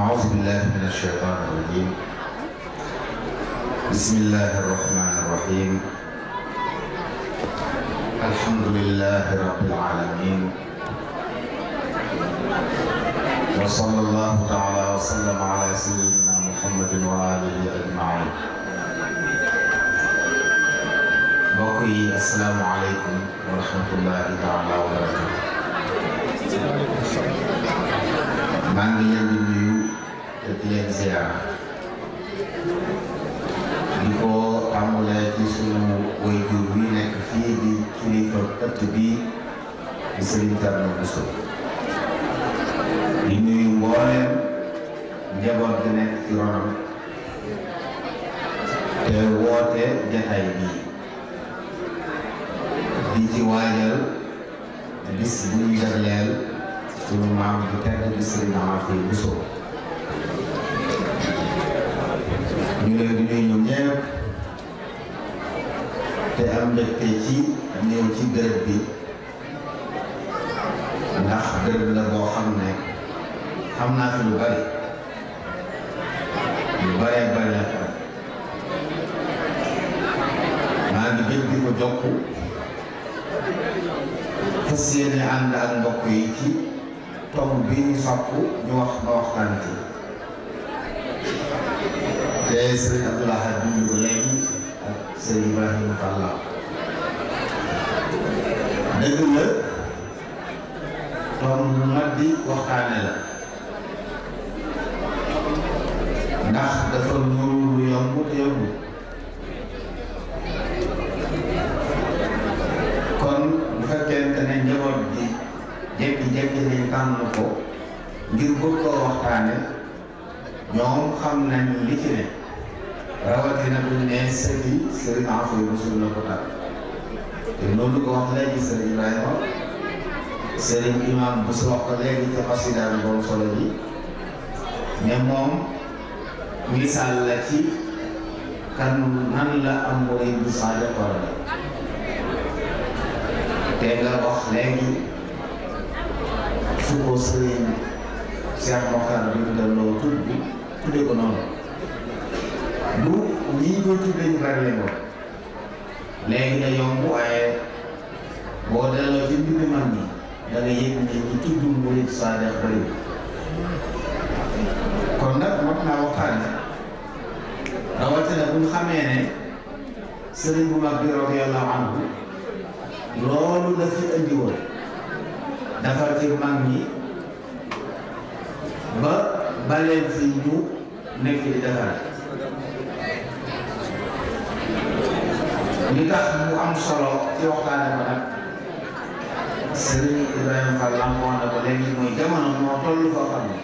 أعوذ بالله من الشيطان الرجيم بسم الله الرحمن الرحيم الحمد لله رب العالمين وصلى الله تعالى وسلم على سيدنا محمد وآله أجمعين mbokk السلام عليكم ورحمة الله تعالى وبركاته barakatu maa te di leen ziar di ko tàmbalee ci suñu waajur wi nekk fii di kilifa ëtt bi di Serigne Thierno Bousso di nuyu mbooleem njaboot gi nekk ci ronam te woote jataay bii di ci waajal bis bu ñu jagleel suñu maam bu tedd di Serigne Amar Faye Bousso ngi leen di nuyu ñoom te am mbégte ci ñëw ci dërëb bi ndax dërëb la boo xam ne xam naa fi lu bari lu baree bari la maa ngi gëj di ko jokk fas yéene ànd ak mbokk yi ci tomb bi ñu ñu wax ma waxtaan ci tey sëriñ Abdoul Ahad bind ko léegi ak sëriñ Ibrahima Fall dëgg la tomb lu mat di waxtaane la ndax dafa ñëw lu yomb te yomb kon bu fekkente ne njaboot bi jékki-jékki nañ tànn ko ngir bëgg koo waxtaane ñoom xam nañ li ci ne rawatina buñ ne sëñ yi sëriñ Afio mosul na ko tàgg te loolu ko wax léegi sëriñ Ibrahima sëriñ Imaam bu su wax ko léegi ca xasida bi borom solo bi ne moom misaal la ci kan nan la am murid bu saa jokkoo te nga wax léegi fu ko sëriñ Cheikh Mokhtar bi mu delloo tudd bi tuddee ko noonu. du ñii koy tudd lañu bari leen léegi da yomb waaye boo delloo ci mbir mag ñi da nga yëg ñu tudd murid saadex bari kon nag mot naa waxtaane rawatina bu ñu xamee ne sëriñ bu mag bi radiyallahu loolu la fi andi woon ci mag ñi ba baleen fi ñu nekk di defar li tax mu am solo ci waxtaane ko nag Serigne Ibrahima Fall làmpoon na ko léegi mooy jamono moo toll foo xam ne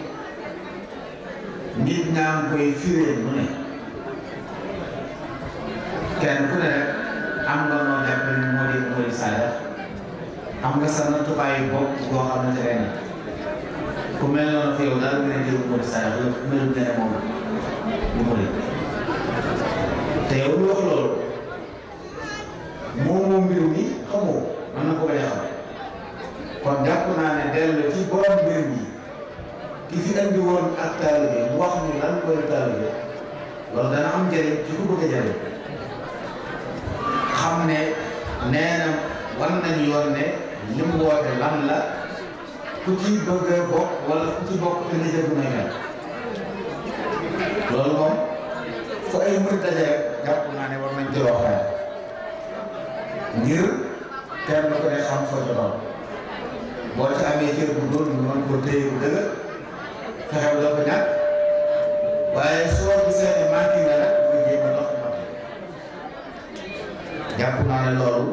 nit ñaa ngi koy firee mu ne kenn ku ne am nga noo jàppe ni moo di moo di sàlla am nga sa nattukaayu bopp boo xam ne tere na ku mel noonu yow dara nga ne jëru moo di sàlla loolu mbirum dene moom te yow lu wax borom mbir mi ki fi andi woon ak taalibe mu wax ni lan koy taalibe loolu dana am njëriñ ci ku bëgg a xam ne nee na war nañu yoon ne li mu woote lan la ku ci bëgg bokk wala ku ci bokk te nga jëgg ko téye bu dëgër fexe bu ñàkk waaye soo gisee ne manqué nga rek nga jéem a dox jàpp naa loolu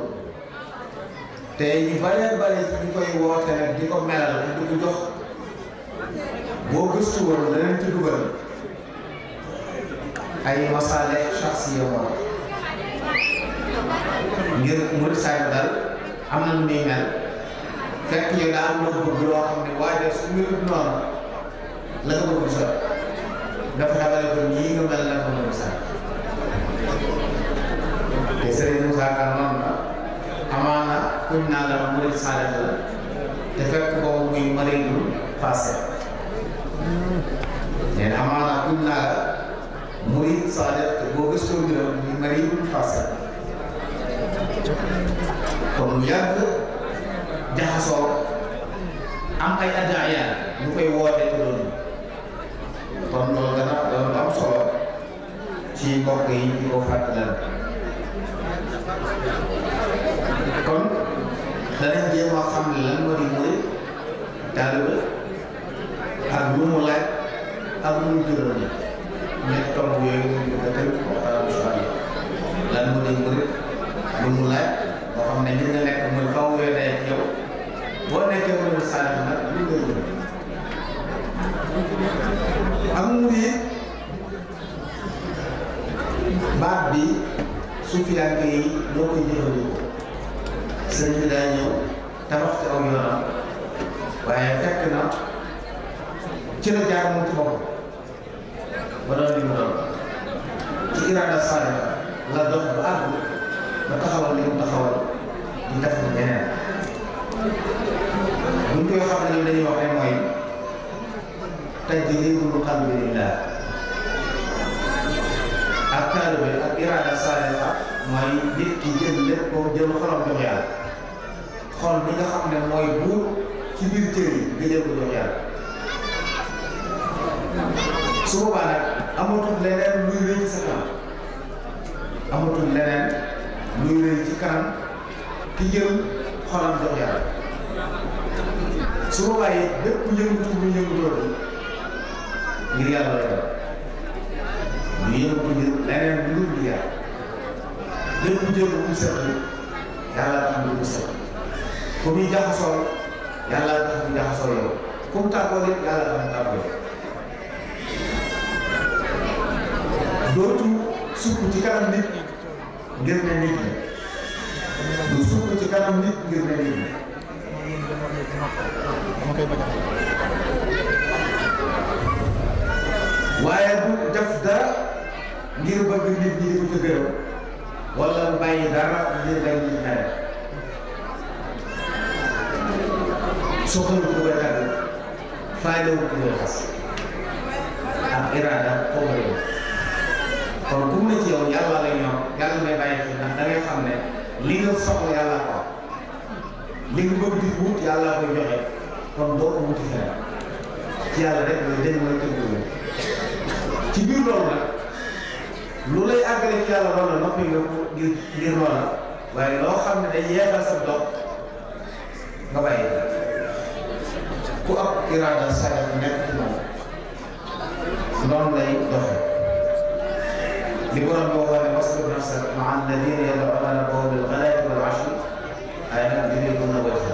te ñu bare bare ñu koy woote di ko melal di ko jox boo gëstu woon leneen ci dugal ay masaale shaxsiya moom ngir murid saa dal am na lu muy mel fekk yow daa am amaana kuñ la murid murid saalix te boo gëstoo mbiram muy maridu passé mu jaxasoo am ay addaaya ñu koy wootee te doon kon loolu dana doon am solo ci mbokk yi ñu ko fàttalal kon danañ jéem a xam lan moo di murid taalibe lu mu laaj moo xam ne li nga nekk mooy faw yooyu day boo nekkee mu ne saalix nag li nga wër am murid baat bi sufiyanke yi ñoo koy jëfandikoo sëñ bi daa ñëw tabax ci aw yoonam waaye fekk na ci la jaar moom ci ba doon li mu doon ci iraada saalix la dox ba àgg ba taxawal li taxawal di def ko ñeneen mu ñu koy xam ne nag dañuy wax rek mooy tajridul qalbi lillah ak taalibe ak iraada saaliha mooy nit ki jël lépp ko jël xolam jox xol bi nga xam ne mooy buur ci biir cër yi nga jël ko jox yàlla su nag amatul leneen luy rëy sa kanam amatul leneen luy rëy ci kanam ki jël xolam jox su boobaa yi bépp yëngatu bu ñu yëngatoon ngir yàlla doon ñu yëngatu ngir leneen lu dul ngir yàlla lépp jël bu mu set yàlla tax mu mu set ku muy jaxasoo yàlla tax mu jaxasoo yow dootu sukk ci kanam nit ngir ne nit du sukk ci kanam nit ngir ne nit koy bëgg waaye du def dara ngir bëgg nit ñi di ko gërëm wala mu bàyyi dara ngir bañ ñi dara soxla ko ba tàgg faale wu ko xas ak iraada koo xam kon ku mu yow yàlla la ñoom yàlla may bàyyi xel ndax da xam ne li nga soxla yàlla ko li nga bëgg di wut yàlla koy joxe. kon boo amul ci xel ci yàlla rek loolu dañ mën a tënk ci biir loolu nag lu lay àggale ci yàlla loolu noppi nga ngir ngir loola waaye loo xam ne day yeexal sa dox nga bàyyi ku ab iraada sagal nekk ci moom noonu lay doxe li borom bi waxoon ne wasbir nafsaka ma'a alladina yad'una rabbahum bil ghadaati wal ashi ay nag di na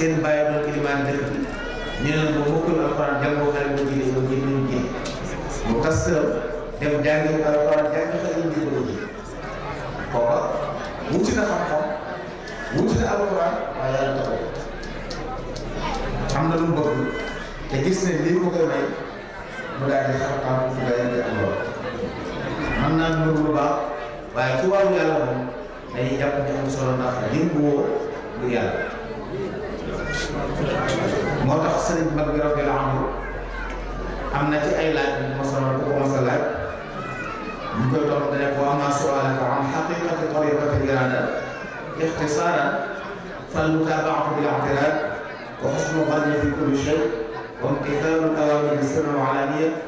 seen bàyyi doon kilimaan dëkk bi ñu ne bu mokkul alxuraan dem boo xale bu jëlee ba jël ñu jëlee mu tas dem jàngi alxuraan jàngi xale ñu ko ji kooka wuti na xam-xam wuti na alxuraan waaye yàlla taxaw am na lu mu bëgg te gis ne lii ko koy may mu daal di xar am mu daal di am lool mën naa bëgg lu baax waaye ci wàllu yàlla moom dañuy jàpp ne am solo ndax lim woo du yàlla moo tax sëriñ mag bi radiyallaahu anhu am na ci ay laaj bu ma sonal bu ko mos a laaj ñu koy doon dane ko amaa su'aalaka an haqiiqati tariiqati l-iraada ixtisaaran fal-mutaaba'atu bil-i'tiraad wa husnul ghanni fi kulli shay' wa imtithaalu l-awaamiri sirran wa 'alaaniyatan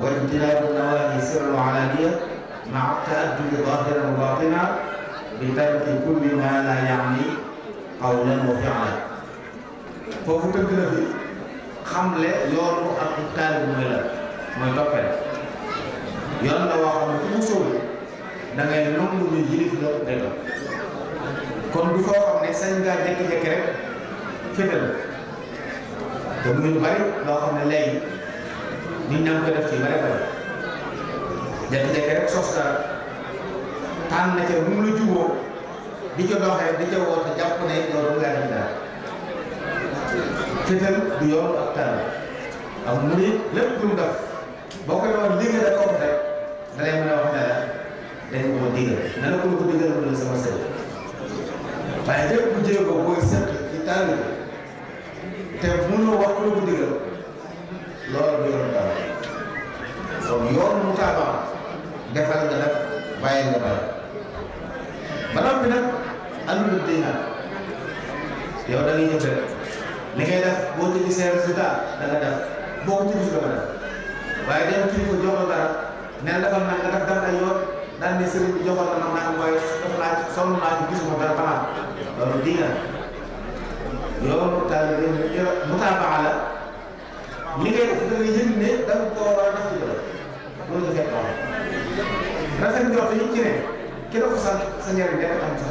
wa ijtinaabu n-nawaahi sirran wa 'alaaniyatan ma'a t-ta'addubi zaahiran wa baatinan bi tarki kulli maa laa ya'nii qawlan wa fi'lan foofu tëgg na fi xamle yoonu ak taalib mooy la mooy toppee yoon la waxoon ne ku mu sóobu da ngay nangu ñu yilif la dëgg kon du foo xam ne sañ ngaa jékki-jékki rek féetal te muy lu loo xam ne léegi nit ñaa ko def ci bari bari jékki-jékki rek sos dara tànn na ca lu mu la juboo di ca doxee di ca woote jàpp ne yow da ngaa def féetal du yoon ak mën wax ne la dañ kon yoon mu taabaa defal nga def bàyyi nga bàyyi ba noppi nag àndul day naan yow da ngay li ngay def boo ci gisee résultat da nga def boo ko ci gis doo ko def waaye la dara ne la defal nag nga dara yoon daan ne sëriñ bi joxoon na ma naan waaye def naa ci sonn naa ci gisuma dara xanaa loolu di nga yoonu taalibe mutaabaa la li ngay def dara loolu nga ci ne ki la ko sant sa njëriñ dana am sa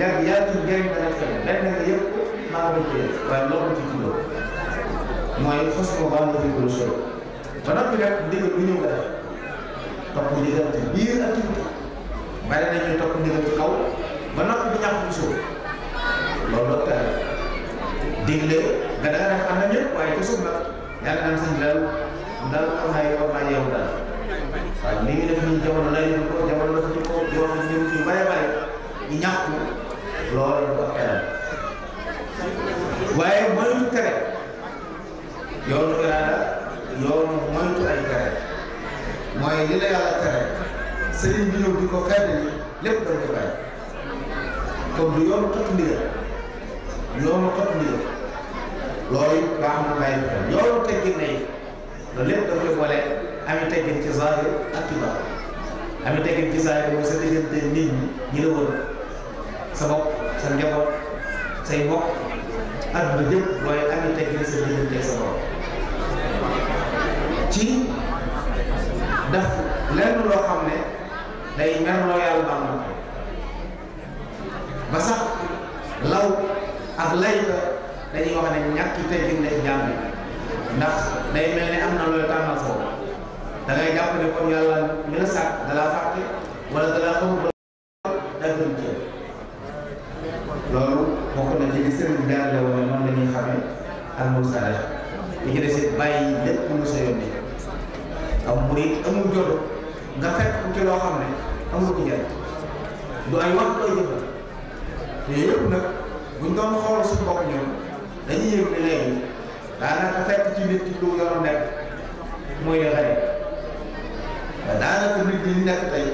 yàgg yàgg njëriñ dana fekk benn nga waaye loolu ci tuddoo mooy fas ko baal na fi gën a sori ba noppi nag ndigal bu ñëw nga def topp ndigal ci biir activité bari na ñuy topp ndigal ci kaw ba noppi di ñàkk ci suuf loolu la tëral digle nga da nga def am na ñëpp waaye ci suuf nag yàlla naan sëñ daal daal xam naa yow naa yow daal waaye li ngi def nii jamono lay ko jamono la ko jamono ñëw ci bare bare ñu ñàkk loolu du ak tëral waaye moytu tere yoonu iraada yoonu moytu ay tere mooy li la bi ñëw di ko fedd ni lépp dañ ko bàyyi kon du yoonu topp ndigal yoonu topp ndigal loolu baax teggin na yi loolu lépp dañ koy boole ami teggin ci zaahir ak ci baax ami teggin ci zaahir mooy sa diggante nit ñi ñi sa bopp sa njaboot say mbokk àdduna jëpp waaye am na teggin sa diggante sa borom ci daf lenn loo xam ne day merloo yàlla ba am ba sax law ak layka dañuy wax ne ñàkki teggin ne jàmm ndax day mel ne am na looy tàmmal sa bopp da ngay jàpp ne kon yàlla mi la sàkk da laa fàtte wala da laa xamul loolu bokk na ci li sëriñ bi daal la woon al mursala bu ci desee bàyyi lépp lu sa yónni aw murid amul jot nga fekk ku ci loo xam ne amul ko njëriñ du ay wax du ay jëf la te yëpp nag buñ doon xool suñu bopp ñoom dañuy yëg ne léegi daanaka fekk ci nit ki lu yorom nekk mooy li xëy ba daanaka nit ñi nekk tey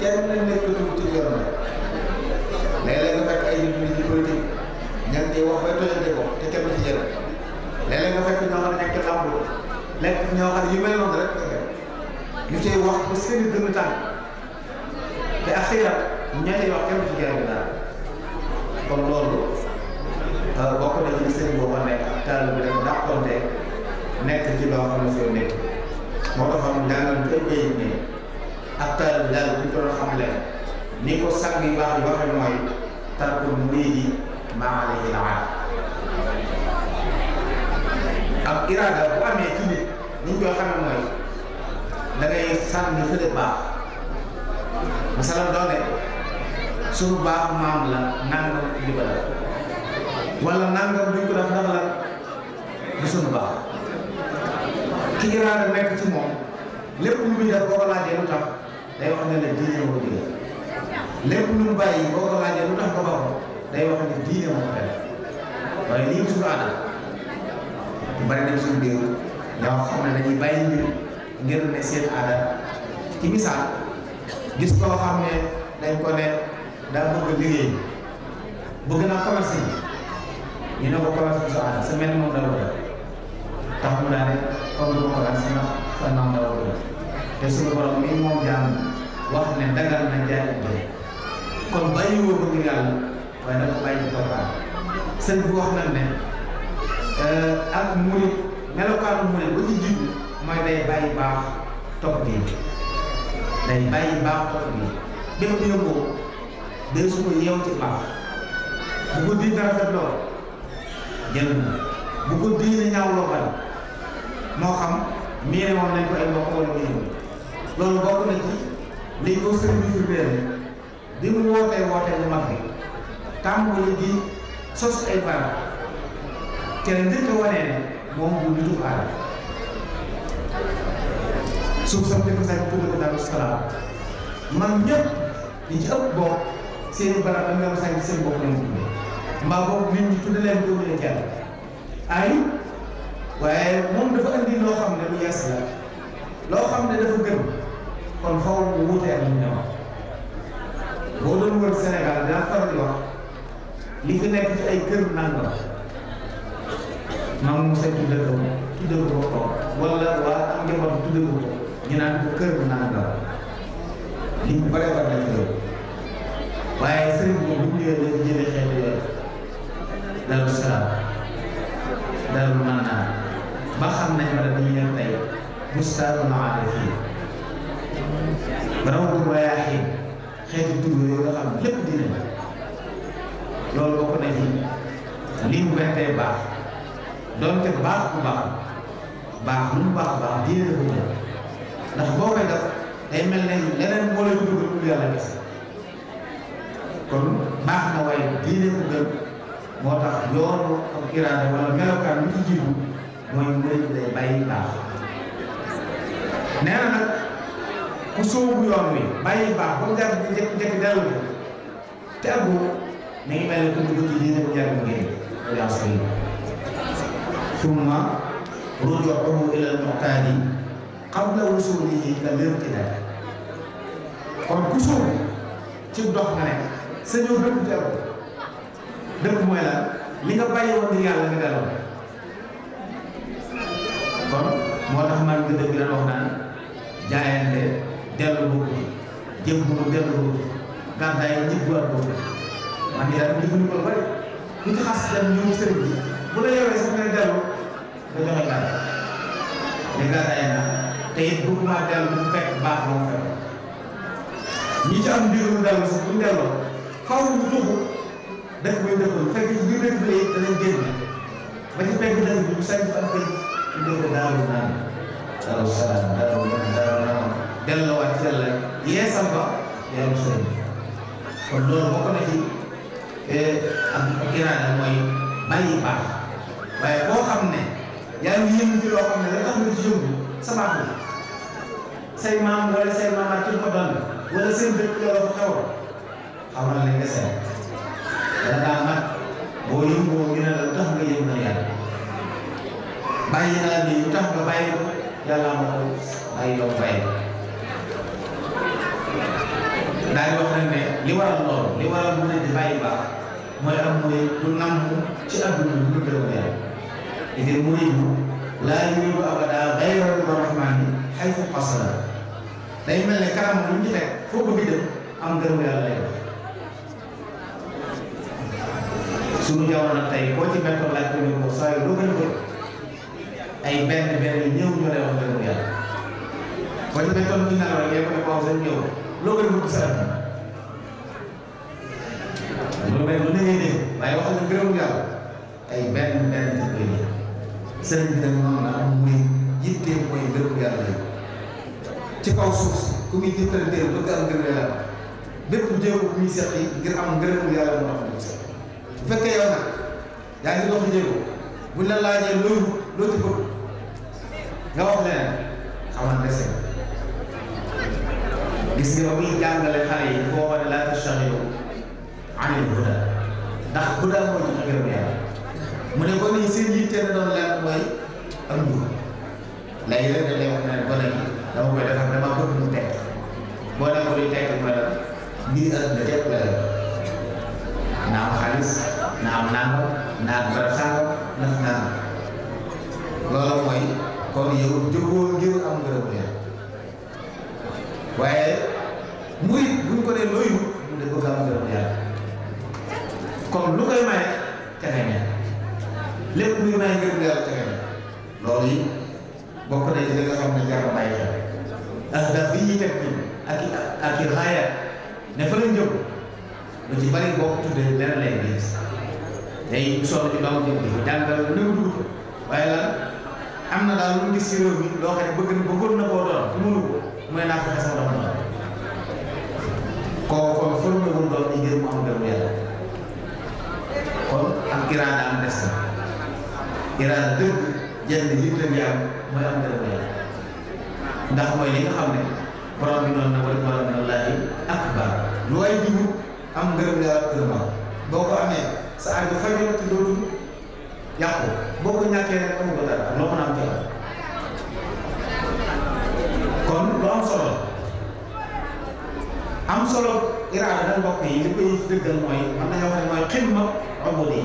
kenn nekkatul ci yorom nekk léeg-léeg nga fekk ay nit ñi ci politique ñan tey wax bay tojante ko te kenn ci jëriñ léeg nga fekk ñoo xam nekk làmb lekk ñoo xam ne rek ñu cay wax ba seen i gën tàng te axira ñetti wax kenn du ci gën daal kon loolu euh, bokk na ci sëñ boo xam ne taal bi dafa dàqonte nekk ci loo xam ne nekk moo tax xam jàngal bi koy béy ne ak taal bi bu ñu doon xam leen ni maa alayhi al aada ak iraada bu amee ci nit ni ñu koy xamee mooy da ngay sànni fële baax masalan doo ne suñu baax maam la nangam di ko def wala nangam duñ ko def ndax la du suñu baax ki iraada nekk ci moom lépp lu muy def boo ko laajee lu tax day wax ne la diine moo digal lépp lu mu bàyyi boo ko laajee lu tax ba ko day wax ne diine moo ko def waaye lii suñu aada bari nañ suñu biir ñoo xam ne dañuy bàyyi mbir ngir ne seen aada ci misaal gis koo xam dañ ko ne daa bëgg liggéey bëgg naa commerce ñu ne ko commerce bi sa sa mel ni moom dara tax mu daal comme du commerce sa te borom mi jaam wax ne dagal na jaay kon ko wax na ne Eh, ak murit melokaanu murit ba ci jiitu mooy day bàyyi baax topp bi day bàyyi baax topp bi bépp yëngoo day su ko yeew ci baax bu ko diine rafet lool jël na bu ko diine ñaaw loo bari moo xam miire woon nañ ko ay mbokk wala miire loolu bokk na ci li ko sëriñ bi firndeel bi mu wootee wootee bu mag bi tàmbali di sos ay barab te lépp wane ne moom bu nitu aadama suuf sax dëkk sax bu tudd ko Daaru Salaam man ñëpp li ci ëpp bokk seen barab dañ nga sañ seen bopp lañ tuddee mbaa boobu ñi tudd leen ko ñu jàll ay waaye moom dafa loo xam ne lu yees la loo xam ne dafa gën kon fawul mu wuutee ak li ñu boo doon wër Sénégal daa faral di wax li nekk ci ay kër nangam maam mu say tuddee ko tuddee ko boppam waa am njaboot tuddee ko ñu naan kër bu naan la li mu bare bare lañu doon waaye sëriñ bi bu ñu ñëwee xeetu yooyu Daaru Salaam Daaru Mannaan ba xam nañ ma dañu leen tey Bustaanu Maarifiin Rawdu Rayaahiin xeetu tur lépp dinañ loolu bokk na ci li mu baax. doonte baax bu baax baax mu baax baax diine ko boo koy day mel ne leneen moo lay dugg gën moo tax yoonu ak iraada wala melokaan lu ci jiitu mooy mu ne day bàyyi baax nee nag ku sóobu yoon wi bàyyi baax ba mu jaar di njëkk njëkk te àggoo mi ngi mel ne ku dugg ci diine bu jaar bu génn yaa ثم رجوعه إلى المعتاد قبل وصوله كالارتداد kon ku ci dox nga ne sa ñëw dëkk ci ak dëkk la li nga bàyyi woon ngir yàlla nga delloo kon moo man nga dëgg la wax naan jaayante dellu bu ko jëm bu bu bu ko man ñu ko bari dem ñu sëriñ bu la sax nga Betul tak? Dia kata enak. Tapi rumah dalam bukak bak novel. Ni jam di rumah dalam sepun dalam. Kau butuh dan kemudian pun fakir bila beli dalam game. Macam fakir dalam bukan fakir dia ke dalam nama. Dalam salam, dalam dalam nama. Dalam lawat jalan. Ia sama. Ya Rasul. Kalau bukan lagi, eh, kira ada mai bayi bah. Bayi kau kamu Yang ngi yëngati loo xam ne la tax nga ci yëngu sa baax la say maam wala say maamaat ci ko dal wala seen dëkk loolu fa xew xamal ne nga seet dana daa mat boo yëngoo ngi ne la tax nga yëngal yàlla bàyyi naa ni tax nga bàyyi ko yàlla ma ko bàyyi loo bàyyi daal di wax nag ne li waral loolu li waral mu ne di bàyyi baax mooy am mooy du namm ci àdduna lu dëw yàlla إذ المريد laa yuridu abadaa gayral rahmaani xaytu qasada day mel ne karaama lu ñu ci teg foo ko biddal am ngërëm yàlla lay wax. suñu jamono tey koo ci méttoon laaj ko ñu ko saa yu doog a doog ay benn benn ñëw ñu lay wax ngërëm yàlla koo ci méttoon ñu naan rek ko ne ko seen ñëw loo koy wut sa àdduna. loolu rek lu ne ngay dégg waaye wax nga ngërëm yàlla ay benn benn ci koy sëriñ bi nag noonu la am muy yittee mooy ngërëm yàlla yi ci kaw suuf si ku muy jëfandikoo bëgg am ngërëm yàlla bépp jéego bu muy seq yi ngir am ngërëmu yàlla moo tax ñu seq bu fekkee yow nag yaa ngi dox jéego buñ la laajee loolu loo ci bëgg nga wax leneen xamal dese gis nga muy jàngale xale yi foo wane laa tashaxilu anil huda ndax huda moo joxe ngërëm yàlla mu ne gone yi seen yitte na doon lenn mooy am njur léegi rek da lay wax ne gone yi dama koy defar dama bëgg mu tekk boo ne ko di tekk mooy lan lii ak da jëpp la na am xaalis na am nangam na am barab sangam na am nangam loolu mooy kon yow jógoo ngir am ngërëm yàlla waaye murit bu ñu ko dee looyu mu ne bëgg am ngërëm yàlla kon lu koy maye texe ne lépp luy may ngërëm yàlla ca kanam loolu yi bokk na ci li nga xam ne jar na bàyyi xel ahdaf yi teg ñi ak ak i xaaya ne fa lañ jëm lu ci bari boo ko leneen lay gis day sonn ci doomu jëm bi jàngal nëw dugg waaye lan am na daal lu gis ci réew mi loo xam bëgg na bëggoon na koo doon mënu mooy naa fexe sama doom doon kooku kon formé wul doom yi ngir mu am ngërëm yàlla kon ak giraan am des na iraada dëgg jenn yitteem yi am mooy am ngërëm yàlla ndax mooy li nga xam ne borom bi noonu na wala wala min allaahi akbar lu waay di wut am ngërëm yàlla gërëm boo amee sa aajo faju te dootul yàqu boo ko ñàkkee rek amu ko dara loo mën kon lu solo am solo iraada da mbokk yi li koy dëggal mooy mën nañoo wax ne mooy xidma ubudi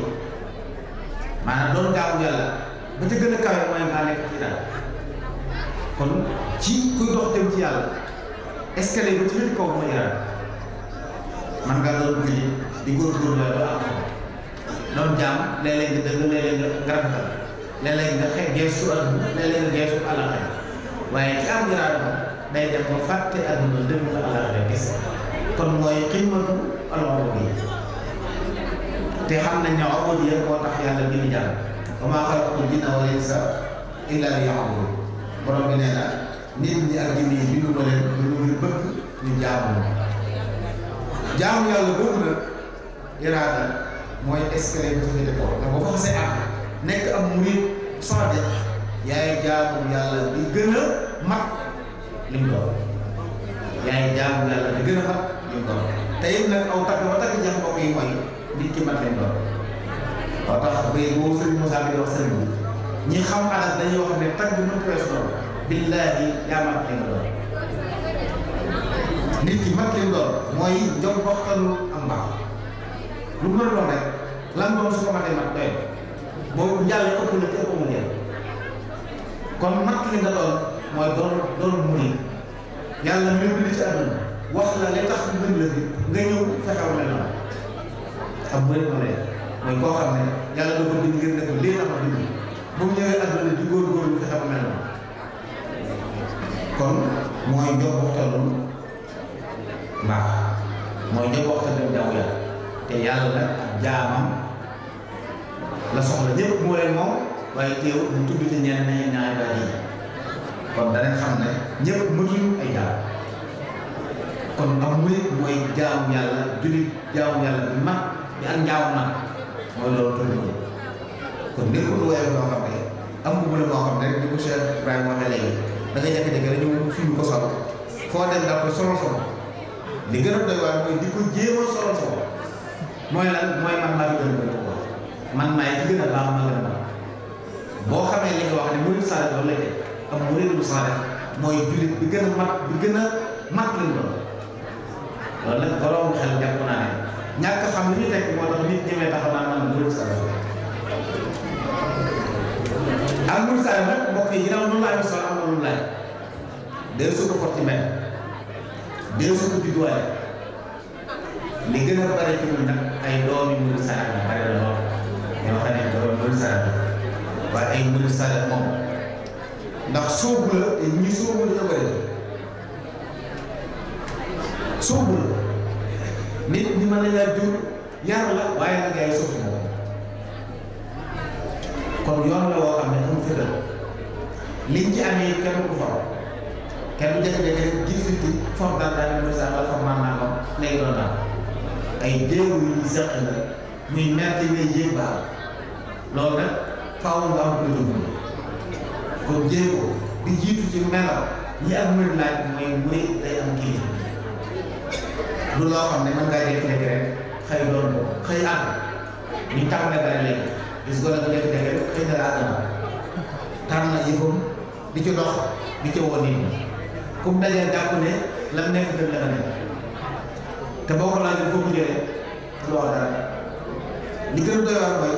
maanaam doon gaawu yàlla ba ca gën a kawe mooy maa nekk ci daal kon ci kuy dox dem ci yàlla escalier ba ci wetu kaw mooy yàlla man ngaa doon julli di góorgóorlu waaye doo am xam doon jaam léeg-léeg nga dëgg nga rafetal léeg-léeg nga xe geesu àdduna léeg nga geesu àllaxira waaye ci am giraar ba day dem ba fàtte àdduna dem la àllaxira gis kon mooy ximatu alwaru bi te xam ne ubudiyya na nit ñi ak jinne yi bindu ma yàlla bi féete kaw fa xasee am nekk am murid sadiq yaay jaamu yàlla di gën a mag li mu doon yaay jaamu yi mooy. nit ki mën leen doon moo tax bay boobu sëriñ Moussa dañuy wax ne tagg mënut wees noonu billaahi yaa mat leen doon nit ki mat leen doon mooy jom waxtalu am baax lu mën doon rek lan doon su ko matee mat doy boobu njàll ëpp na te ëpp na kon mat li nga mooy doon doon mu nii yàlla mbir mi ci àdduna wax la li tax mbir la bi nga ñëw fexew la xam bu leen ko lay mooy koo xam ne yàlla da ko bind ngir ne ko lii tax ma bind bu mu ñëwee àdduna di góorgóorlu fexe ba mel noonu kon mooy jox waxtalu mbaax mooy jox waxtalu daw ya te yàlla nag jaamam la soxla ñëpp moo leen moom waaye teewul mu tudd ci ñenn ñi ñaari baat yi kon danañ xam ne ñëpp mënuñu ay jaam kon am muy mooy jaamu yàlla jullit jaamu yàlla bi mag bi ak njaaw man mooy loolu tënku kon nekkul lu woyof ne moo xam ne di ko Cheikh da nga ñàkk dëgg rek ñëw fi ñu ko sol foo dem daal ko solol solo li gën a doy waar mooy di ko jéem a solol solo mooy lan mooy man maa fi gën a ko man maay ma boo xamee li wax ne murid saalix mooy jullit bi gën a mat bi gën a mat lañ doon loolu nag borom xel jàpp naa ne ñàkk xam li ñu teg moo tax nit ñi may taxaw naan nag mbokk yi ginnaaw lu laaj solo am na lu laaj day mel day su ko li gën a bare ci ñun nag ay doomi mbirum salaam la bare ay mbirum salaam moom ndax sóobu la te ñi sóobu la ñu bëri sóobu nit ñi mën nañ laa jur yar la waaye nag yaay suuf na la kon yoon la woo xam ne amul fëtal liñ ci amee kenn ku faw kenn du jafe-jafe rek gis nga ci foofu daal daal di sax wala foofu maanaam moom lay doon daal ay jéego yu ñu seq la muy metti ngay yéeg baal loolu nag faaw nga am lu dul kon jéego di jiitu ci melaw ñi am mën laaj mooy mooy day am kilifa. du loo xam ne mën ngaa jékki-jékki rek xëy doon ko xëy àgg ñu tàmbalee ba léegi gis nga nag jékki-jékki rek xëy na la àgg na tànn na di ci dox di ci woo nit ñi comme dajee jàpp ne lan nekk gën la nga nekk te boo ko laajee foo ko jëlee du wax dara li gën doy wax mooy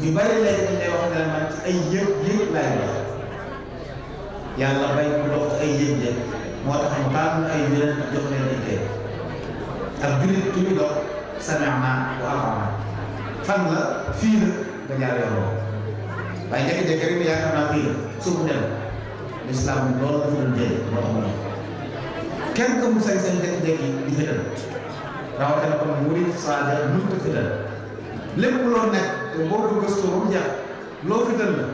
ñu bari lay ñu wax ne man ci ay yëg yëg laay wax yàlla bay ku dox ci ay yëg yëg moo tax mu tànn ay yeneen jox leen ay tey ndax jullit ki muy doon sami'na wa ata'na fan la fii la nga jaar yoon waaye jékki-jékki rek yaakaar naa fii la suuf dem lislaam loolu dafa doon jëlee moo tax mu ne kenn ku mu sañ-sañ jékki-jékki lépp loo nekk te boo ko gëstoo ba mu jeex loo fital la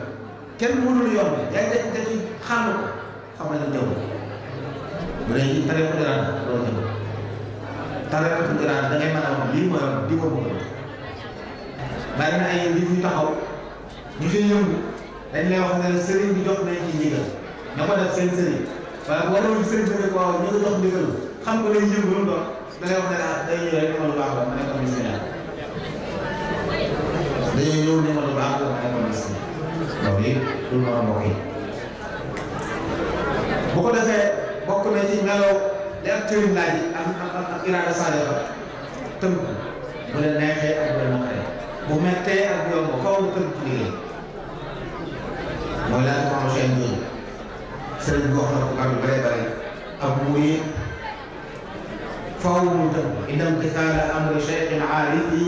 kenn mënul yomb yaa ngi jékki-jékki xàll ko xamal ne jaww bu dee ci tariixa loolu jaww tarakatul irada da ngay mën a wax lii mooy wax di ko bëgg bàyyi na ay li ñu taxaw ñu fi yëngu dañ lay wax ne la sëriñ bi jox nañ ko def seen sëriñ waaye bu ñu ngi jox ndigal xam nga day yëngu lu doon da ngay wax ne la ah, day ñëw rek ma lu baax la ma nekk am misinaat dañuy ñëw ne ma yi bu ko defee bokk na ci melaw day am tëri laaj yi ak ak ak iraada saa yoo xam tënk ak bu leen naqaree bu mettee ak bu yomb faaw nga tënk ci liggéey mooy laaj ko seen jooju sëriñ bi wax na ko kàddu bare bare ak muy faaw mu tënk inna imtithaala amri shaykhin aarifi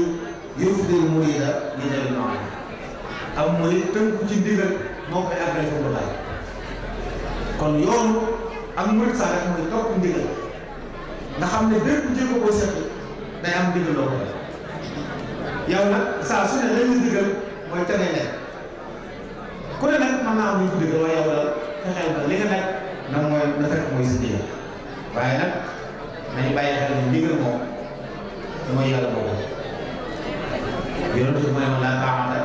yufdi murida li dalil maarif am muy tënk ci ndigal moo koy àggale fa mu laaj kon yoonu ak murid sax rek mooy topp ndigal nga xam ne bépp jéego boo seq day am ndigal loo ko def nag saa su ne la ñu mooy ca ngay ku ne nag mën naa am na fekk mooy si ndigal waaye nag nañu bàyyi xel ne ndigal moom mooy yàlla boobu yonent bi mooy laa taa'ata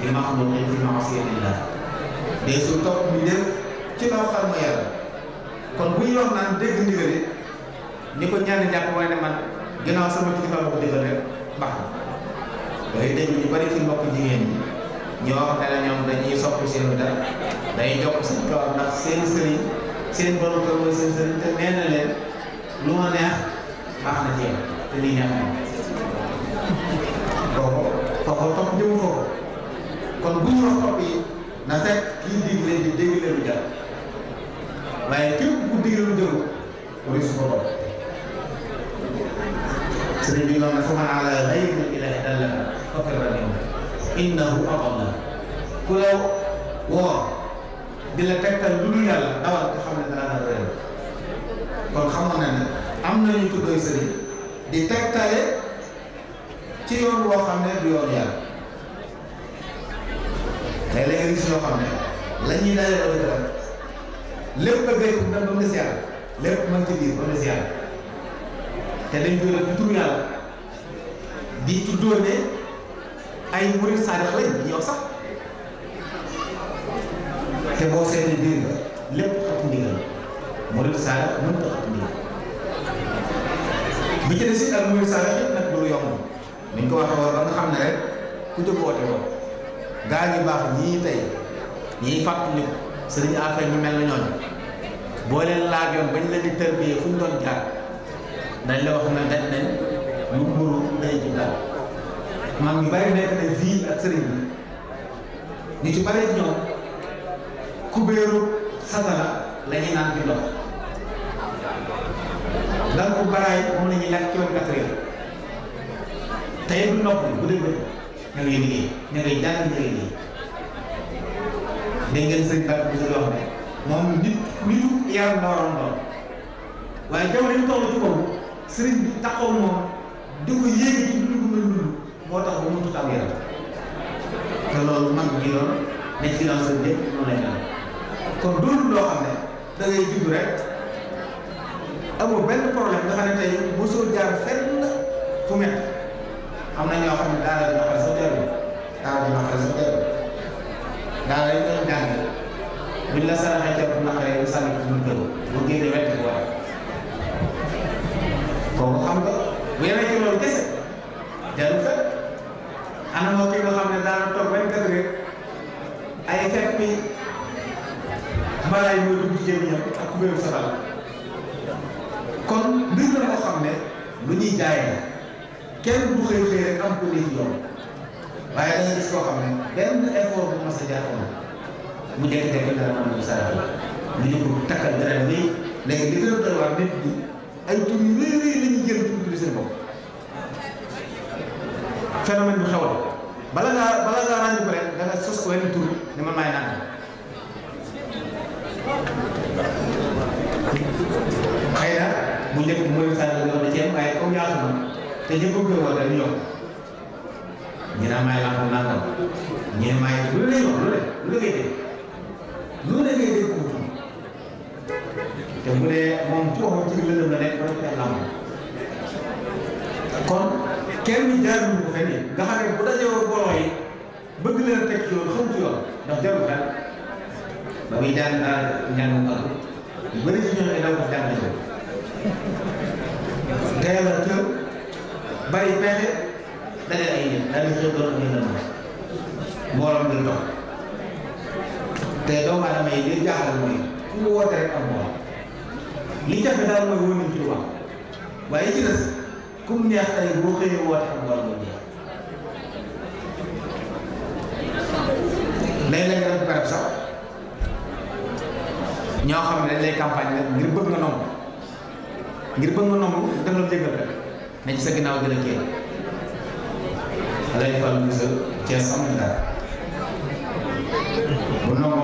li maxluuqin fi ma'siyatillah dee su topp ñu def ci loo xam mooy yàlla kon bu ñu naan dégg ndigal ni ko ñaan jàpp waaye ne man ginnaaw sama kilifa ma ko digal rek baax na day dégg ñu bari ci mbokk jigéen ñi ñoo xam ne ñoom dañuy soppi seen dara day jokk seen kawar ndax seen sëriñ seen borom kër mooy seen sëriñ te nee na leen lu ma neex baax na ci te lii neex na kooku kooku topp jëm foofu kon bu ñu wax topp yi na fekk kii digle di digle lu jar waaye képp ku digle lu jëru wari su ko eh, sëriñ bi noonu dafa mën a la rey mu ilahi dallaka fa firra ni innahu adalla ku la woor di la tegtal lu dul yàlla dawal nga xam ne dana la réer kon xamoon na ne am na ñu tuddooy sëriñ di tegtale ci yoon woo xam ne du yoon yàlla tey la nga gis xam ne la ñuy dalee loolu lépp a béy ba mu des yàlla lépp mën ci biir ba mu yàlla te dañ koy def turu yàlla di tuddoo ne ay murid saadix lañ yow sax te boo seetee biir lépp xatu ndigal murid saadix mënut a xatu ndigal bi ci des it ak murid saadix yëpp nag du lu yomb ni ñu ko waxee ba nga xam ne rek ku jóg woote ko gaa ñu baax ñii tey ñii fàttaliku sëriñ affaire ñu mel na ñooñu boo leen laajoon bañ leen di tërbiyee fu ñu doon jaar. dañ la wax na daj nañ lu mburu day ci daal maam ñu bari nekk nañ ak sëriñ bi ñu ci bari ñoom kubéeru satala la ñuy naan ci ndox dal ko baraay moom la ñuy lekk ci wàllu quatre heures tey du bu dee bëgg ña ngay liggéey jàng ña ngay liggéey dégg ngeen sëriñ Bara Bousso wax ne moom nit nitu yaram la waroon waaye jamono yi toll ci kaw sëriñ bi taxaw moom di ko yéegi ci dundu gu mel noonu moo tax ba mënut am yaram te loolu man gi doon ne ci ginnaaw sëriñ bi noonu lay mel kon doonul loo xam ne da ngay judd rek amoo benn problème nga xam ne tey mosoo jaar fenn fu mett am na ñoo xam ne daara dina xale sax teewul daara dina xale sax teewul daara yi doon jàng buñ la saraxee ca bu naqaree nga sànni ko suñu kër boo génnee wett ko waaye kooku xam nga bu yemee ci loolu kese jaru fa moo ki nga xam ne daana toog benn kër rek ay fekk bi mbalaay moo dugg ci jëmiñam ak kubéeru sabal kon mbir la moo xam ne lu ñuy jaay la kenn du xëy am ko yoon waaye dañuy gis koo xam ne benn effort bu mas a jaar moom mu jekk-jekk dara mën a bu ñu ñu takkal dara nii léegi li gën a doy nit ñi ay tur yu rëy rëy la ñuy jël pour tuddee seen bopp phénomène bu xew la bala ngaa bala ngaa ràññi nga sos ko tur ne man maay naan xëy na bu njëkk bu mooy saa yoo da cee am waaye comme yaatu na te ñëpp a gën a war a ñëw ñu naan maay làkk nangam ñu ne maay lu la ñuy wax lu la lu la lu te bu dee moom ci waxoon ci lëndëm la nekk ba def ay lamb kon kenn jaarul ko fenn nga xam ne bu dajewoo booloo yi bëgg leen teg ci yoon xam ci yoon ndax jarul fen ba muy jàng daal njàngum ak lu bëri ci ñoom ay ndaw ko jàng nañu teel a tëb bari pexe dajal ay nit daal di xëy doon ak ñeneen mbooloo ku mu woote li jafe daal mooy wóor nañ waaye ci des ku mu neex tey boo xëyee woote am moom moo jeex lay la nga def sax ñoo xam ne dañ lay campagne la ngir bëgg nga nomb ngir bëgg nga nomb def la jégal rek ne ci sa ginnaaw gën a kii lay fal mu sa Cees am na dara bu nomb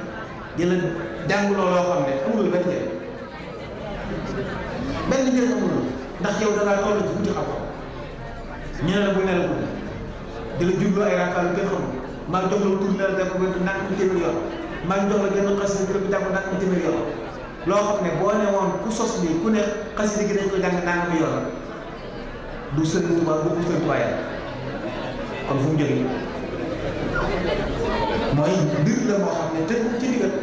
di la jàngloo loo xam ne amulul benn njëriñ benn njëriñ amulul ndax yow da ngaa toll ci wuti xam-xam ñu ne la bu ne la guddi di la jubloo ay raakaar yu kenn xamul maa jox la tur naan def ko naan ko téeméer yoon maa jox la genn xasida loo xam ne boo ne woon sos bi ku ne xasida gi dañ ko jàng naan ko yoon du sëñ Tuubaa du ko sëñ Tuubaa kon fu mu jógee mooy mbir la moo xam ne tënk ci ndigal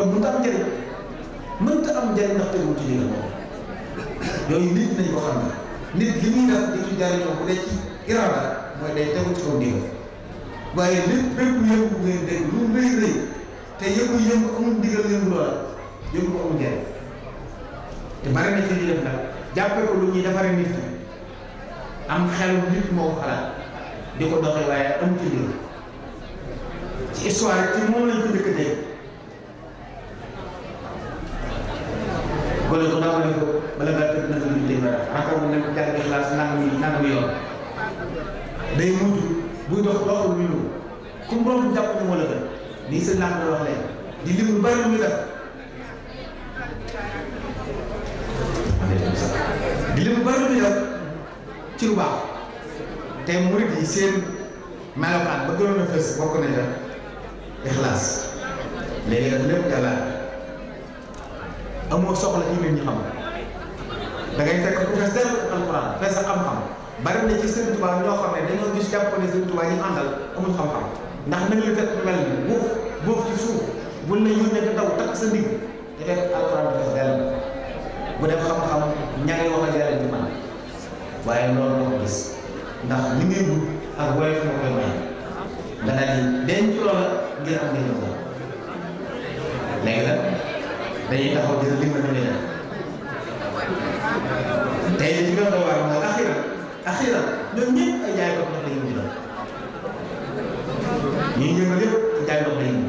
kon mënut a am njëriñ mënut a am ndax teguwul ci ndigal moom yooyu nit nañ ko xam ne nit li muy def di ci jariñoo bu dee ci iraada mooy day tegu ci kaw waaye lépp bépp yëngu ngeen dégg lu mu rëy rëy te yëngu-yëngu amul ndigal te bari ci ñu def nag jàppee ko lu ñuy defaree nit ki am xelum nit moo xalaat di ko doxee waaye am ci ndigal ci histoire ci moom lañ ko dëkk dégg gone ko bala ngaa tëdd na nga ñu téeméer encore mu nekk jàng ixlaas yoon day mujj buy dox doxul ñu ñëw comme borom jàpp ne moo la gën nii seen làkk la wax leen di lim lu bari lu muy def di lim lu bari lu ci lu baax te murid yi seen melokaan ba gënoon a fës bokk nañ la ixlaas léegi nag lépp yàlla amoo soxla ci ñi xam da ngay fekk ku fees dell alquran fees a xam-xam bari na ci Sëriñ Tuubaa ñoo xam ne dañoo gis jàpp ndax nañ la fekk mel ni buuf buuf ci suuf buñ la yónnee nga takk sa ndigg te fekk alquran bi fees dell bu dem xam-xam ña wax ak yàlla ñu mën waaye loolu la ko gis ndax li ngay wut ak woyof moo koy may nga daal denc loola ngir am nga ñëw léegi nag dañuy taxaw di li ma ñu tey li ñu doon war mooy axira axira ñoom ñëpp ay jaay ndox lañu ñu doon ñu yëngal yëpp jaay ndox lañu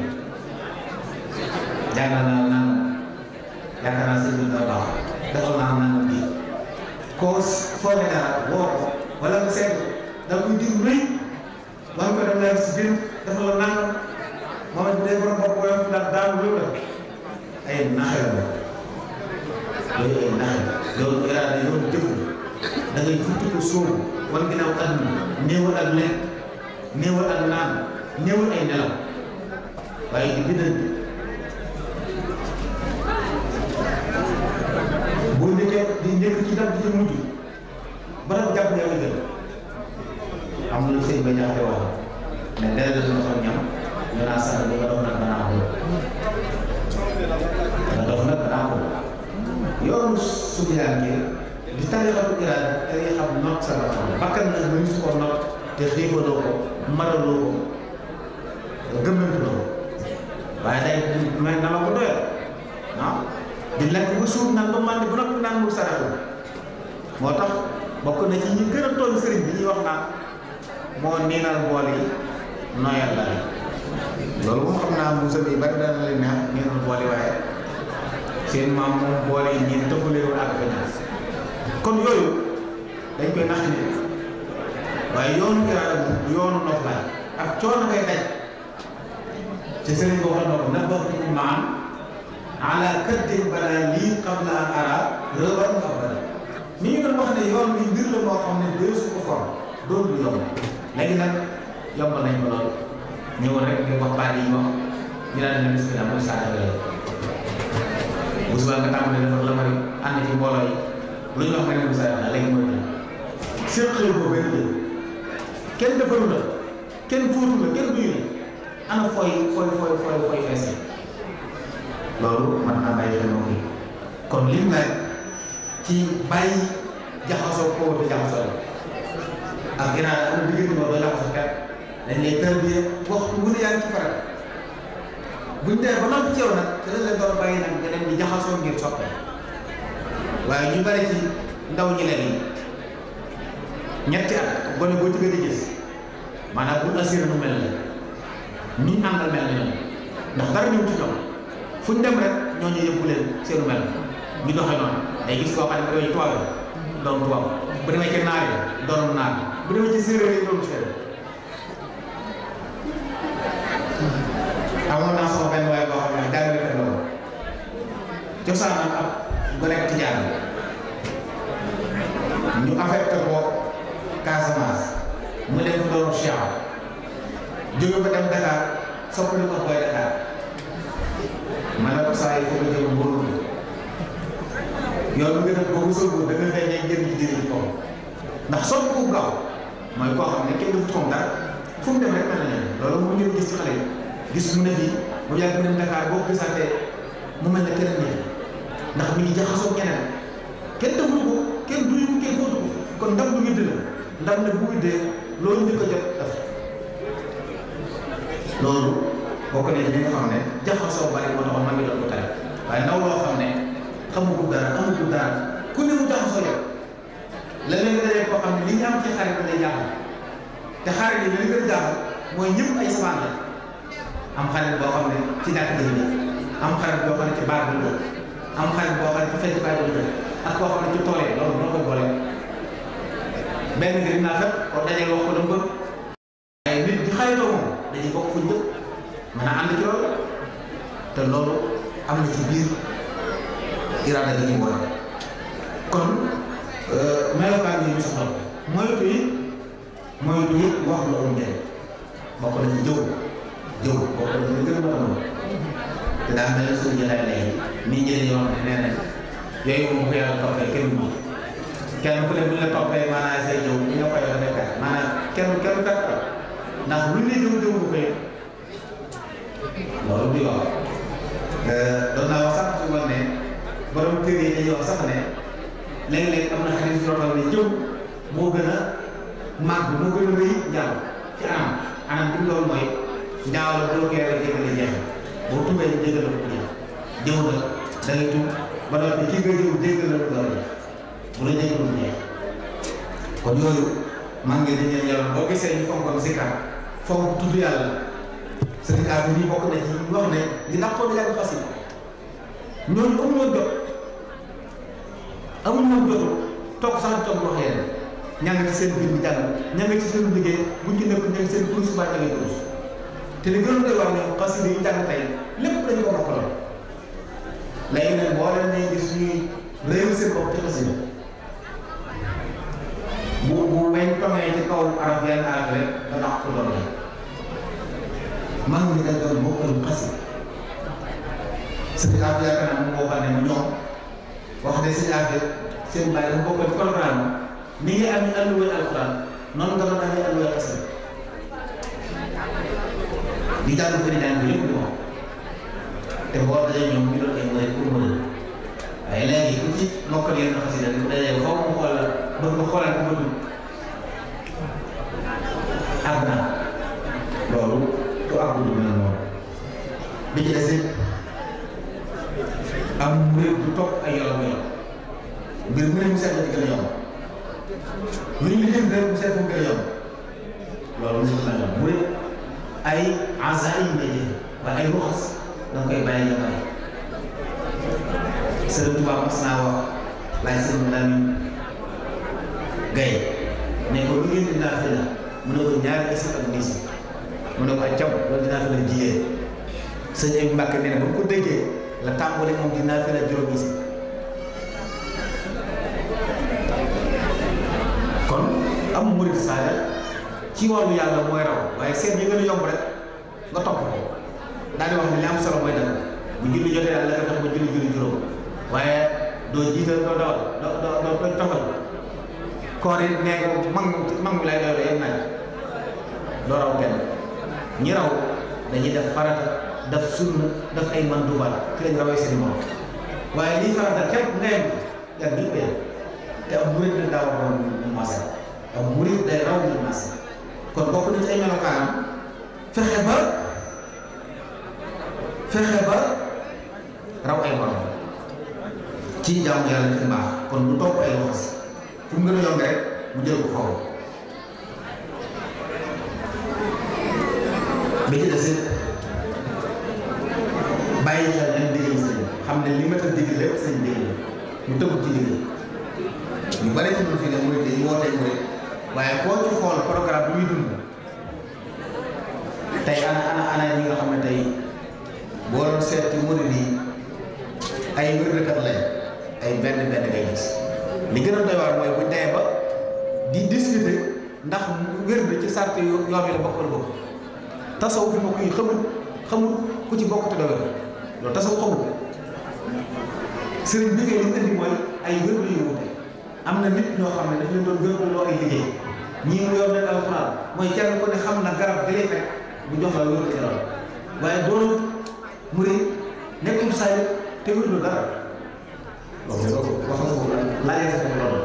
jaay naa naan naan yaakaar naa sëñ bi dina baax defal naa naan bi koo foogee naa woo ko wala nga seet da nga koy diw rëy war nga ko dem laa si biir dafa la naan moom it day borom bopp woyof daal daal lu la ay naxe la yooyu ay naxe loolu iraada yoonu jëfu da ngay futti ko sóobu wan ginnaaw àdduna néewal ak lekk néewal ak naan néewal ay nelaw waaye di bindal boo njëkkee di njëkk ci di ci mujj ba doon jàpp yow gën am na lu sëñ ba ñaax wax ne dara dana ko ñam ñu naan sax lu ko doon naan danaa xool taamu yoonu sufiyaan gi di tarixatu iraada tarixa noot sa bakkan nag bu ñu ko noot te xiifaloo ko maraloo ko gëmmantuloo ko waaye day may na ma ko doyal ah di lekk ba suuf nag ba màndi bu noppi naan mu saraxu moo tax bokk na ci ñu gën a tooñ sëriñ bi ñuy wax naan moo niinal bool yi nooyal la loolu moom xam naa musal yi bari daan na neex niinal bool yi waaye seen maam moom boole yi ñeent tëfuleewul ak fañaas kon yooyu dañ koy nax nit waaye yoonu iraada bu yoonu noflaay ak coono ngay daj te sëriñ bi ko nabatukum maan ala ne yoon bi mbir la moo xam ne dee ko for doon lu yomb léegi nag yomb nañ ko lool ñëw rek di wax baat yi wax ñu naan ne bis bi daal mooy saa bu subaa nga tàmbalee defar la mari ànd ci mbooloo lu ñu wax nga ne bu saa na léegi mooy la seen boobu benn jël kenn defaru la kenn fóotu la kenn duyu la ana fooy fooy fooy fooy fooy fees loolu mën naa bàyyi xel moom kon lim laaj ci bàyyi jaxasoo koo te jaxasoo la ak ginnaaw amul diggante moom doo jaxasoo kat dañ lay waxtu wu yaa ngi ci faral buñ demee ba noppi ci yow nag ci lañ la door nag nga dem di jaxasoo ngir soppe waaye ñu bari ci ndaw ñi léegi ñetti at gone boo ci gën a gis maanaam bu assuré mel la ñi àndal mel na ñoom ndax dara ñëw ci ñoom fuñ dem rek ñooñu yëpp leen seenu mel ñu doxe noonu day gis koo xam ne bu demee ci tubaab doon tubaab bu demee ci naar yi doon naar bu demee ci séeréer yi doon séeréer soppali ko booy Dakar ma ne ko saa yi foofu jëm mbooloo yoon bi nga def ba mu sóobu da nga feeñee njëriñ ci jëriñ ko ndax soppi ku gaaw mooy koo xam ne kenn du ko dara fu mu dem rek mel na ne loolu mu mu ndax mi ngi jaxasoo ñeneen kenn defuñu ko kenn duñu ko kenn fóotu ko kon ndam du widd la ndam ne bu widdee loolu ñu jot daf loolu bokk nañ li nga xam ne jaxasoo bari moo taxoon ma ngi doon ko tare waaye ndaw xam ne xamagul dara amagul dara ku ne mu jaxasoo yow la leen dajee koo xam ne li ñu am ci xarit la lay jaaxal te xarit yi li gën a jaaxal mooy ñëpp boo xam ne ci ñàkk jël am xam ne boo xam ne ci fecc baay bi ak koo xam ne ci tool yi loolu doo ko boole benn ngir naa fekk ko dajee wax ko dama dañuy bokk fuñ dëkk mën a ànd ci loolu te loolu am na ci biir iraada bi ñuy boole kon euh, melokaan yi ñu soxla moytu yi moytu yi wax lu am bokk na ci jëw jëw bokk na ci gën a mën te ne suñu jëlaat léegi nit ñi ne nee yooyu moom bu yàlla toppee kenn நான் உண்மையை உண்டு போய் loolu di wax doon naa wax sax ci wàll ne borom kër yi dañuy wax sax ne léeg-léeg am na xarit yoo xam ne jëw moo gën a màgg moo gën a rëy njàll ci anam anam bi loolu mooy njaaw la boo gëree rek jëgale jeex boo tuubee jëgale ko jeex jëw na da ngay tuub ba doon ne ki nga jëw jëgale ko loolu bu la jëgale ko jeex kon yooyu maa ngi leen di ñaan yàlla boo gisee ñu fonkoon si kanam foog tudd yàlla sëriñ Afia yi bokk na ci ñu wax ne ñu dàqoon yàlla fas yi ñooñu amuñu jot amuñu jotu toog sax ñu toog wax yeneen ña ci seen biir bi jàng ña nga ci seen liggéey buñ ci nekk ña seen kurus baa ña nga kurus te li gënoon day wax ne fas yi dañuy jàng tey lépp dañu ko mokkaloon léegi nag boo leen ne gis ñuy réew seen bopp ci fas bu bu weñ tongee ci kaw araf benn araf rek nga tax ko doon rek mag ñi da doon xasi sëñ Afia kanam moo xam ne ñoom wax de sëñ Afia seen bàyyi dafa bokkal ci Alxuraan ni ngi am alluwal Alxuraan noonu nga doon amee alluwal xasi di jàng ko di jàng ko yëpp moom te boo dajee ñoom ñu doon ay mooy mu waaye léegi ku ci mokkal yenn xasi dañ ko mu xool la bëgg nga xoolaat ba dugg àgg na loolu du àgg bu dugg na loolu bi ci des it am réew du topp ay yolam yolam mbir mu ne mu seet la gën a yomb lu ñu def rek mu seet mu gën a yomb loolu lu na yomb mu ne ay ensaay yi ngay def waaye ay ruxas da nga koy bàyyi nga bàyyi Sëriñ Tuubaa mas naa wax laaj sëriñ Lamin gaye ne ko lu ngeen di naafila mu ne ko ñaari isib ak diis mu ne ko accam loolu di naafila jigéen sëñ ay mbàkke nee ba mu ko déggee la tàmbali moom di naafila juróom isib kon am murid saada ci wàllu yàlla mooy raw waaye seet yi gën yomb rek nga topp daal di wax ne li solo mooy def bu julli jotee yàlla la tax ba julli juróom waaye doo jiital doo dawal doo doo doo tofal koor it nee ko mag mag mi lay doylu yem naa doo raw benn ñi raw dañuy def farata daf sunna daf ay man duubal ci lañ rawee seen moom te am murit la daaw doon ñu maase am murit day raw ñu maase kon bokk na ci ay melokaanam fexe ba fexe ba raw ay borom mbaax kon du topp ay loxo fu mu gën a yombee mu jël ko foofu bi ci des it bàyyi xel nañ digal sëñ xam ne li ma tëdd digal lépp sëñ digal mu tëgg ci digal ñu bari ci ñun fii ne murid yi wootee murid waaye koo ci xool programme bi muy dund tey ana ana xam ne tey boo doon seet ci murid yi ay muridkat lañ ay benn benn ngay gis li gën a doy waar mooy buñ demee ba di discuter ndax wér bi ci sart yoo yoo xam la bokk wala bokk tasawuf ma kuy xamul ku ci bokk te doy la loolu tasawuf xamul ko bi kay li mu indi mooy ay wér yu ñu wute am na nit ñoo xam ne daf leen doon wér loo liggéey ñii mu yor leen alxuraan mooy kenn ku ne xam na garab gi lay fekk bu jox la wér ci waaye doonul mu ne nekkul saa te wér lu dara. wax nga ko wax laajal sa bopp loolu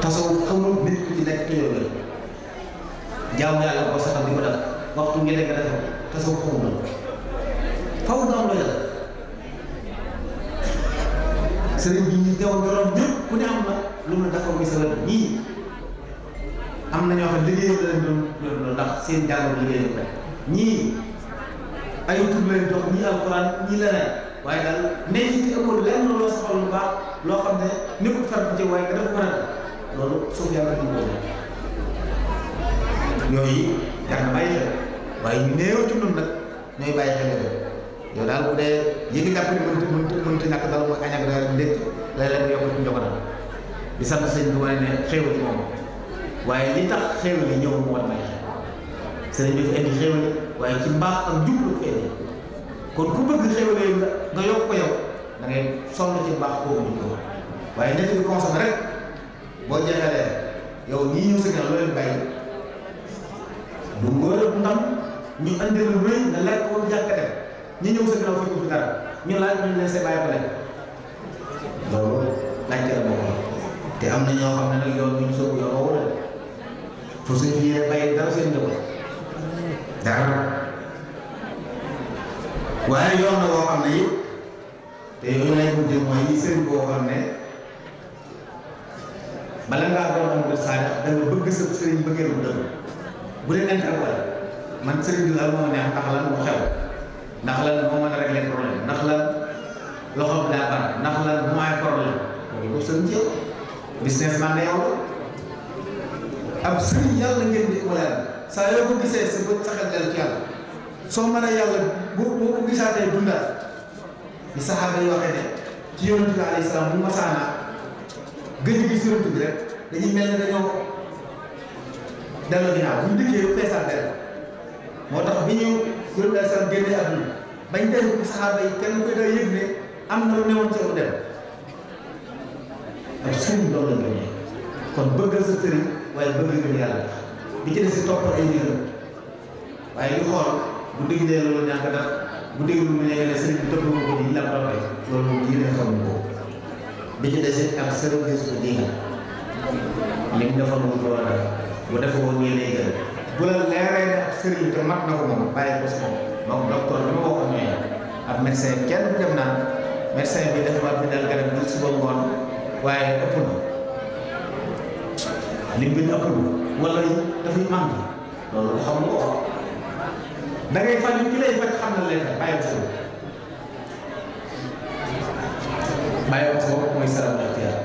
tasawuf xamul nit ku ci nekk tuyoo la jaamu yàlla boo saxal di ko def waxtu ngeen nga def tasawuf xamul bi ñu teewoon borom ñëpp ku ne am na lu mu dafa muy sa wet am na ñoo xam liggéey la leen doon doon ndax seen jàngoor liggéey la ko ay tur leen jox ñii alxuraan ñii leneen waaye daal nekk ci amul lenn loo soxal lu baax loo xam ne nekkul farat ci waaye nga def ko loolu suuf yàlla du ko yooyu jar na bàyyi xel waaye ñu néew ci ñun yooyu daal bu dee yéegi jàpp ni mënut mënut mënut ñàkk dal mooy añak daal ndékk léeg-léeg nga yokk ci njogonam di sant sëñ bi wane ne xéewal yi war a bàyyi xel sëriñ waaye ci mbaax ak jublu ko fi indi kon ku bëgg xéwale yi nga yokk ko yow da ngay sonn ci mbaax boobu ñu ko waaye nekk di consommé rek boo jeexalee yow ñii ñëw sa ginnaaw loo leen bàyyi du ngóor ak ndam ñu andi lu rëy nga lekk ko jàkka dem ñi ñëw sa ginnaaw fekk fi dara ñu laaj ñu leen see bàyyi ko lekk loolu laajte la bokk te am na ñoo xam ne nag yoon ñu soobu yoon woo la fu suñ fi yéene bàyyi dara seen njaboot dara waaye yoon la boo xam ne yëpp te yooyu lay mujjee mooy yi sëriñ boo xam ne bala ngaa doon am def saalix da nga bëgg sëriñ bëggee mu dëgg bu dee nent ak wala man sëriñ bi a loxo bi daa bar ndax lan mooy problème loolu bu sëriñ ci business man ne yow ab sëriñ yàlla ngeen di wala saa yoo ko gisee sa bët saxal dal ci yàlla soo mënee yàlla bu bu bu gisaatee dundal li saxaaba yi waxee ne ci yonent bi alayhi salaam bu masaana gëj a gis yonent bi rek dañuy mel ne dañoo delloo ginnaaw bu ñu dikkee yu feesal dara moo tax bi ñu yonent bi alayhi génnee àdduna bañ dellu saxaaba yi kenn koy day yëg ne am na lu newoon ci lu dem ak suñu loolu lañ doon kon bëggal sa sëriñ waaye bëgg nga yàlla bi ci si toppal ay ndigal waaye ñu xool. bu déglee loolu ñàkk a def bu mu ne nga ne sëriñ bi topp ko loolu moom diine xamu ko bi ci des it am service bu lim dafa lu mu war a def bu defoo nii lay gën bu la leeree ne ab sëriñ te mat na ko moom bàyyi ko sa bopp moom docteur li ko waxoon ñooy ab médecin kenn du dem naan médecin bi dafa war bindal garab bi suba ngoon waaye ëpp na lim bi ëpp na wala dafay manqué loolu xam nga ko da ngay faj ki lay faj xam na lay faj bàyyi sa bopp bàyyi sa bopp mooy salam ixtiyaar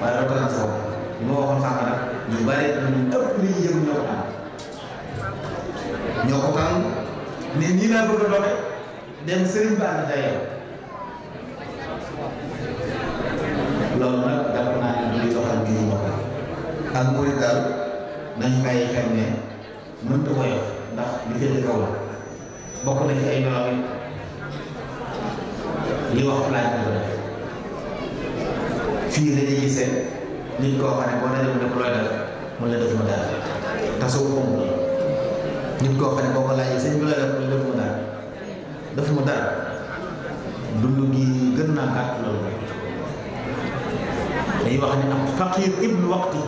waaye loolu dana sa bopp li ma waxoon sànq nag ñu bari ñu ëpp li ñu yëngu ñoo ko tànn ñoo ko tànn ne nii laa bëgg a doxe dem sëriñ ba ànd tey yow loolu nag jàpp naa ne du ñuy doxal mbir yu bokkal ak murid daal nañu bàyyi xel ne mënta ko yow ndax li gën kaw la bokk na ay meloom yi ñuy wax plage bu def fii dañuy gisee nit koo xam ne boo nee ko looy def mun la def mu daal tasoo moom nit koo xam ne boo ko laajee sëñ bi looy def mu def def mu daal dund gi gën naa gàtt loolu dañuy wax ne am faqiir ibnu waqti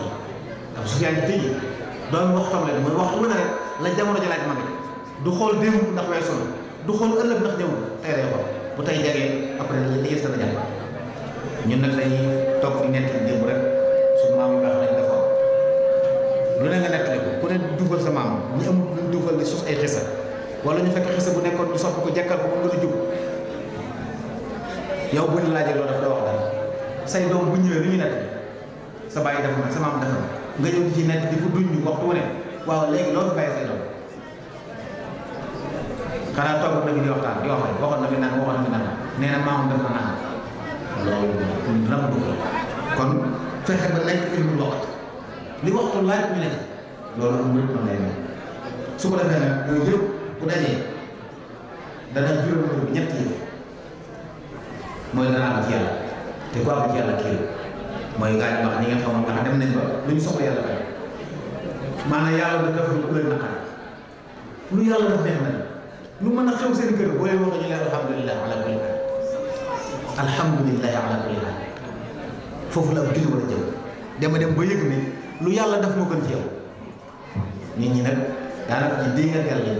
am su doon waxtam leen mooy waxtu wu a rek la jamono ji laaj man du xool démb ndax weesu na du xool ëllëg ndax ñëw tey lay xool bu tey jegee après li lay dana jàpp ñun nag dañuy toog fi nekk lu ko ku sa maam ñu duufal di sos ay xisa wala ñu fekk xisa bu nekkoon lu soppi ko jàkkal ko moom nga jub yow bu ñu laajee loolu daf wax dara say doom bu ñëwee lu ñu nekk sa bàyyi def sa maam def nga ñëw di ci nekk di ko dund waxtu wu ne waaw léegi loolu bàyyi sa doom toog na fi di waxtaan di wax waxoon na fi naan waxoon na fi naan nee na maamam na naan loolu dara du ko kon fexe ba nekk ci lu waxtu li waxtu laaj ñu nekk loolu am lépp lay mel su ko defee nag yooyu yëpp bu dajee dana juróom ñett yi mooy dana am ci yàlla te ku am ci yàlla mooy gaa ñu ndax dem nañ ba lu ñu soxla yàlla fay maanaam yàlla du def lu leen naqari lu yàlla def neex na lu mën a xew seen kër boo leen wax ñu ne alhamdulilah ala foofu la ab julli war a jëm dama dem ba yëg ne lu yàlla def moo yow nit ñi nag daanaka ñu dégg nga gàll lañ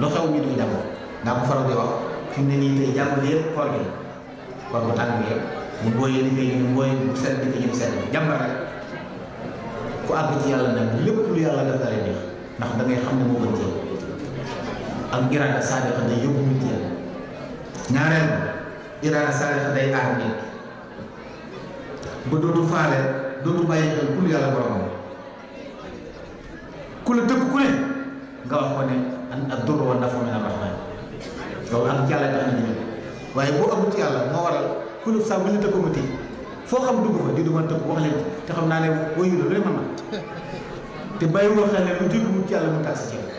lu xew ñu duñ d' abord daa ko faral di ne nii tey jàmm yëpp koor gi koor bu tàng bi ñu mbooyee li ñu mbooyee bu sedd bi ñu sedd bi jàmbar rek ku àgg yàlla nag lépp lu yàlla def dara neex ndax da ngay xam ne moo gën ci ak iraada saadiqa day yóbbu aar nit ba dootu faale dootu bàyyi xel ku yàlla borom ku la dëkk ku ne nga wax ko ne ak doro wa nafa min ar-rahman loolu ak yàlla tax na ñu waaye boo ëpp yàlla moo waral kulub saa mën na tëkku muti foo xam dugg fa di du man tëkku te xam naa ne wayu la lu ne mën na te bàyyiwoo xel yàlla mu tax si ci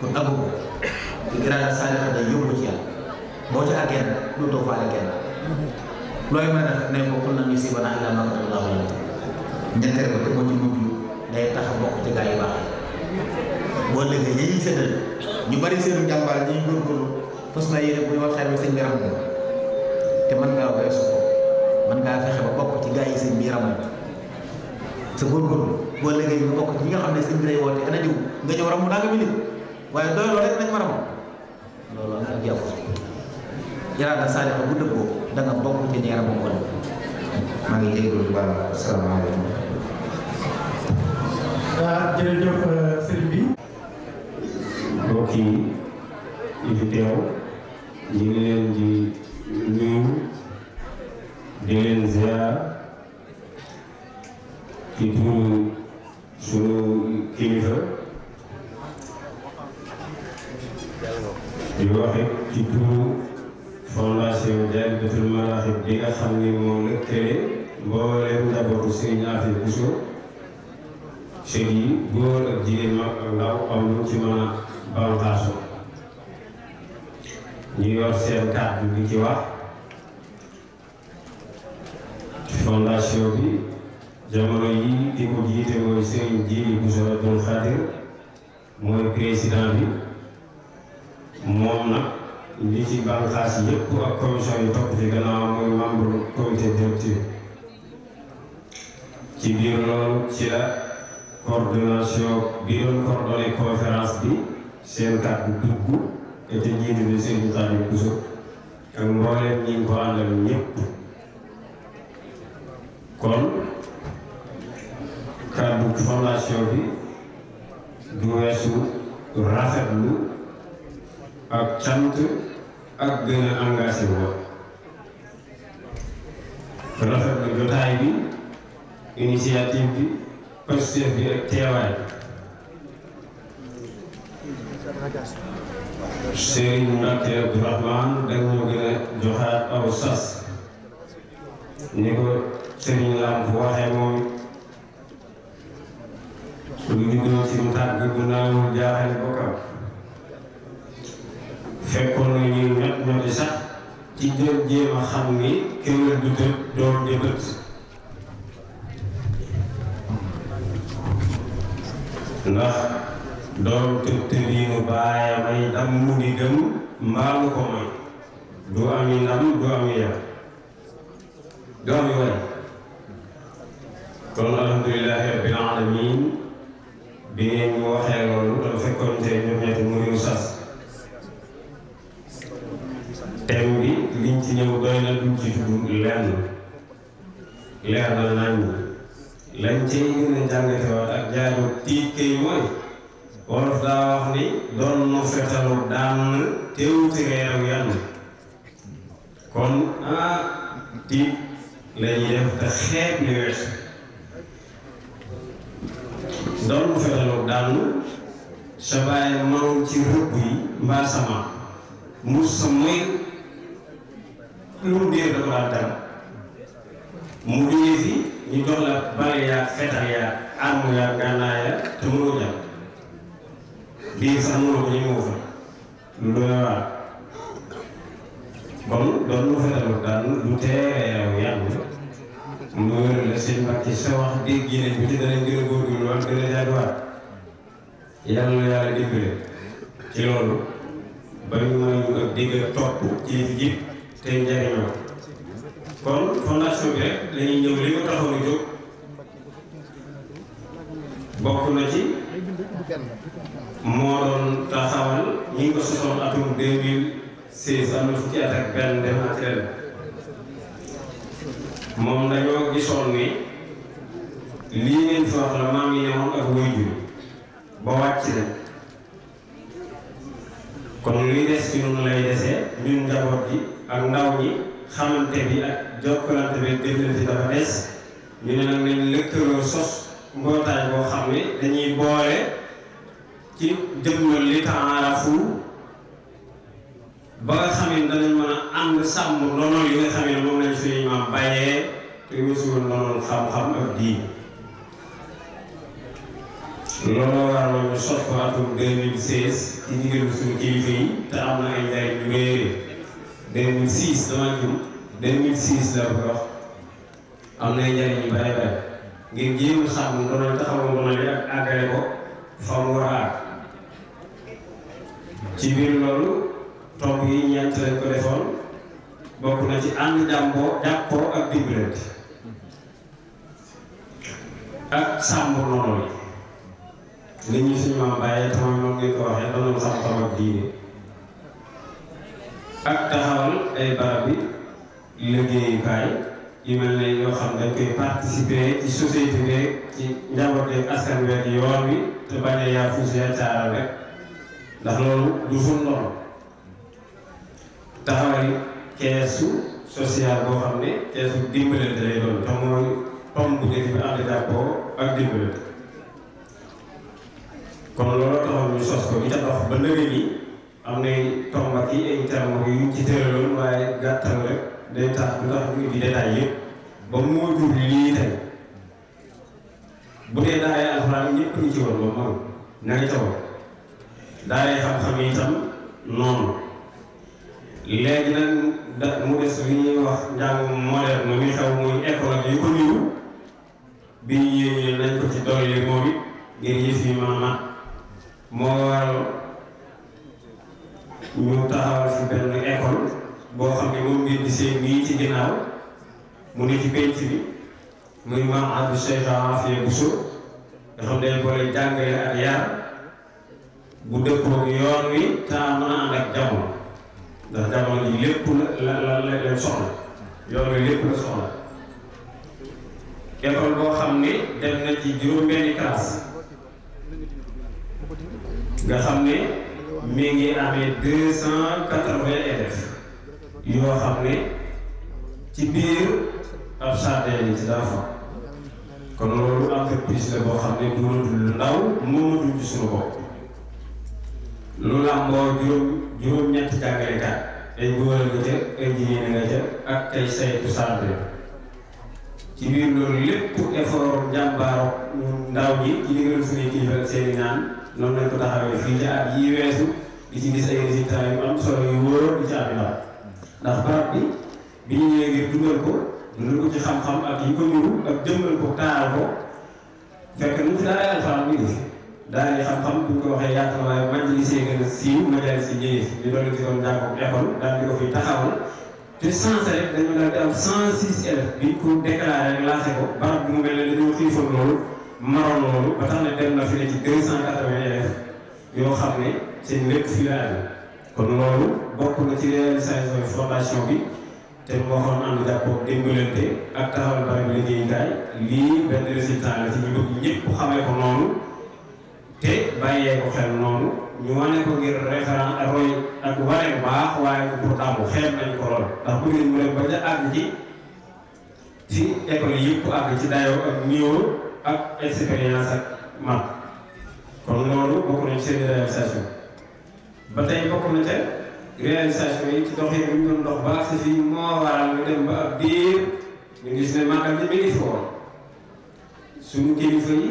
kon nangu ko di giraada saalixa day yóbbu ci yàlla boo ci àggee nag lu doo mën a def ko xul na ñu si ba naa ilaa maa kataballaahu lana ñetteel te moo ci mujj day tax a bokk ci gaa yu baax yi boo léegi yéen ñi séddale ñu bari seenu njàmbaar ñi góorgóorlu fas na yéene bu ñu war xel bi sëñ bi ram te mën ngaa weesu foofu mën ngaa fexe ba bokk ci gaa yi sëñ bi ramatu sa góorgóorlu boo nga bokk ci nga xam ne sëñ bi ana diw nga ñëw ramu naa nga mi nit waaye rek nañ ramu loolu nga ak yàqu iraada saalixa bu dëggoo da nga bokk ci ngi ah, euh, bi ñu leen di di leen ci turu sunu kilifa di waxe ci turu fondation Dialibatoul Marakhib bi nga xam ni moo lëkkale mbooleem njabootu sëñ Afi Bousso sëñ yi góor ak jigéen mag ak ndaw am lu ci mën a banqaasu ñuy yor seen kàddu bi ci wax fondation bi jamono yi di ko jiite mooy Serigne Djily Bousso Abdoul Khadir mooy président bi moom nag li ci bànqaas yépp ak commission yi topp ci gannaaw mooy membre comité directeur ci biir loolu ci la coordination bi doon coordonné conférence bi seen kàddu dugg te jiite bi Serigne Djily Bousso ak mbooleem ñi ko àndal ñépp kon kàddu fondation bi du weesu rafetlu ak cant ak gën a engagé woon rafetlu jotaay bi initiative bi pasteur bi ak teewaay Serigne Mbacké Abdourahmane dañoo gën a joxaat aw sas ni sëriñ Lam bu waxee moom bu juddoo ci tàgg bu naawul jaaxale bokkam fekkoon na ñu ñett ñoo di sax ci doon jéem a xam ni kéwél du tëb doom di bët ndax doom tëb tëbiinu baaye may dam mu di dem mbaamu ko mooy du ami ndam du ami yar du ami way kon alhamdulilahi rabbil alamin bi ngeen ñu waxee loolu dafa fekkoon te ñoom ñetti muy sas thème bi liñ ci ñëw doy na duñ ci tudd lenn leer na nañ lañ ci gën a jàngate waat ak jaaru tiit kay mooy wolof daa wax ni doon nu fetalu daan teewuti reerew yàlla kon ah tiit lañuy def te doon mu fexeloo daanu sa bàyyi mënoon ci rëbb yi mbaa sama mu sa mooy lu mu dee da ko daan dara mu jógee fi ñu dox la bale yaa fetal yaa arme yaa gànnaay yaa te mënoo jàpp biir sax mënoo ko ñemewu fa lu doy waar kon doon mu fexeloo lu teewee yow yàlla mu wér la seen mbàkk sa wax dégg yi bu ci danañ gën a góorgóorlu wala gën a jaaduwaat ci loolu ba ñu may ñu ak dégg ak topp ci li te njariñoo kon fondation bi rek dañuy ñëw li ko taxaw jóg bokk na ci moo doon taxawal ñi ngi ko sosoon atum 2016 am na fukki at ak benn dem ak moom dañoo gisoon ni lii ngeen fi la maam yi yemoon ak wujju ba wàcc rek kon luy des ci ñun lay desee ñun njaboot gi ak ndaw ñi xamante bi ak jokkalante bi déglante dafa des ñu ne nag nañ lëkkaloo sos mbootaay boo xam ne dañuy boole ci jëmmal li taarafu ba nga xamee ne danañ mën a ànd sàmm ndono yi nga xamee ne moom lañ suñu maam bàyyee te wésuwul ndonoon xam-xam ak diin looloo waral ñu sos ko ci ndigalu am na ay njariñ yu réere 2006 dama jum 2006 laa ko wax am na ay yi ak àggale ko fa war a àgg ci biir loolu tomb yi ñeent lañ ko defoon bokk na ci ànd jàmboo jàppoo ak dimbalante ak sàmm noonu yi li ñu suñu maam bàyyee tamit moom ngeen ko waxee danoon sax tam ak diine ak taxawal ay barab yi liggéeyukaay yu mel yoo xam dañ koy participer ci société beeg ci njaboot askan wi yoon wi te bañ yaa fuus yaa caaral rek ndax loolu du ful noonu taxawal keesu social boo xam ne keesu dimbalante lay doon te mooy pomme bu njëkk ak dimbalante kon loolu taxoon ñu sos ko ñu ca dox ba nëgë yi am nay tomb ak yi ay termes yu ci tax du tax ñu indi détail ba moo jur lii tey bu dee daaray alxuraan ñëpp ñu ci woon ba moom na nga ca xam-xam yi itam noonu léegi nag mu des bi ñuy wax njàngum moderne mi xew muy école yu ko niru bi ñu nañ ko ci dolli moom it ngir yëf yi maanaam moo waral ñu taxawal fi benn école boo xam ne moom ngeen di seen bii ci ginnaaw mu ne ci penc bi muy maam Abdou Cheikh Afia Bousso nga xam ne boole jàngale ak yar bu dëppoo yoon wi te mën a ànd ak jamono ndax jamono ji lépp la la la leen soxla yoon wi lépp la soxla école boo xam ni dem na ci juróom-benni classe nga xam ni mi ngi amee deux cent quatre-vingts élèves yoo xam ni ci biir ab jardin yi ci daa fa kon loolu entreprise la boo xam ne doonatul lu juróom juróom-ñetti jàngalekat ay góor nga ca ay jigéen a nga ca ak ay saytu santé ci biir loolu lépp effort njàmbaaro ndaw ñi ci digal suñuy i ñaan noonu lañ ko taxawee fii ci ko ci xam-xam ak yi ko ñuru ak jëmbal ko taal ko fekk lu mu ay alfaan bi daal di xam-xam bu ñu ko waxee yaakaar naa majlis yi gën a siiw majlis yi ñëwee ñu doon ci doon jàngam école daal di ko fi taxawal te sens rek dañu daal di am 106 élèves bi ñu ko rek lancé ko barab bu mu mel ne dañoo xiifoon loolu maroon loolu ba tax na dem na fi ne ci 280 élèves yoo xam ne seen lépp fii la amee kon loolu bokk na ci réalisation formation bi te moo xoon ànd jàppoo dimbalante ak taxawal barab liggéeyukaay lii benn résultat la te bàyyee xel noonu ñu wane ngir référence roy ak wane baax waaye ko pour dàmbu xeeb nañu ko lool ndax bu ngeen mu leen ba ca àgg ci ci école yëpp àgg ci dayoo ak niveau ak expérience ak mat kon loolu bokk nañ seen réalisation ba tey bokk na ca réalisation yi ci dox yi ñu doon dox ba si fii moo waral ñu dem ba ab diir ñu gis ne màggal bi mi ngi fi woon suñu kilifa yi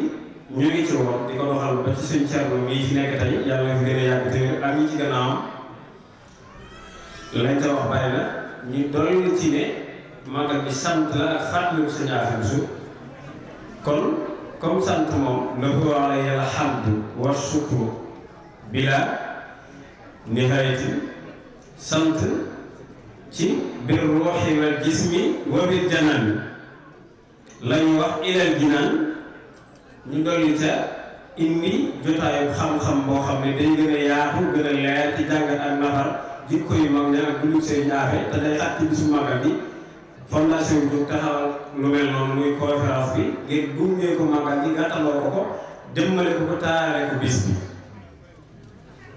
ñu ngi di ko doxal ba ci suñ Cerno mii fi nekk tey yàlla nga fi gën a yàgg te ak ñi ci gannaawam lañ ca wax bari na ñu dolli ci ne màggal bi sant la ak fàttaliku suñu affaire su kon comme sant moom lahu alayhi alhamdu wa shukru bila nihayati sant ci bir ruuxi wal jismi wa bir janan lañu wax ilal jinaan ñu dolli ca indi jotaayu xam-xam boo xam ne day gën a yaatu gën a leer ci jàngat ak nafar jikko yu mag ña ak dugub seen ñaafe te day xat ci bisu magal bi fondation jóg taxawal lu mel noonu muy conférence bi ngir gunge ko magal gi gàttaloo ko ko dëmmale ko ko taarale ko bis bi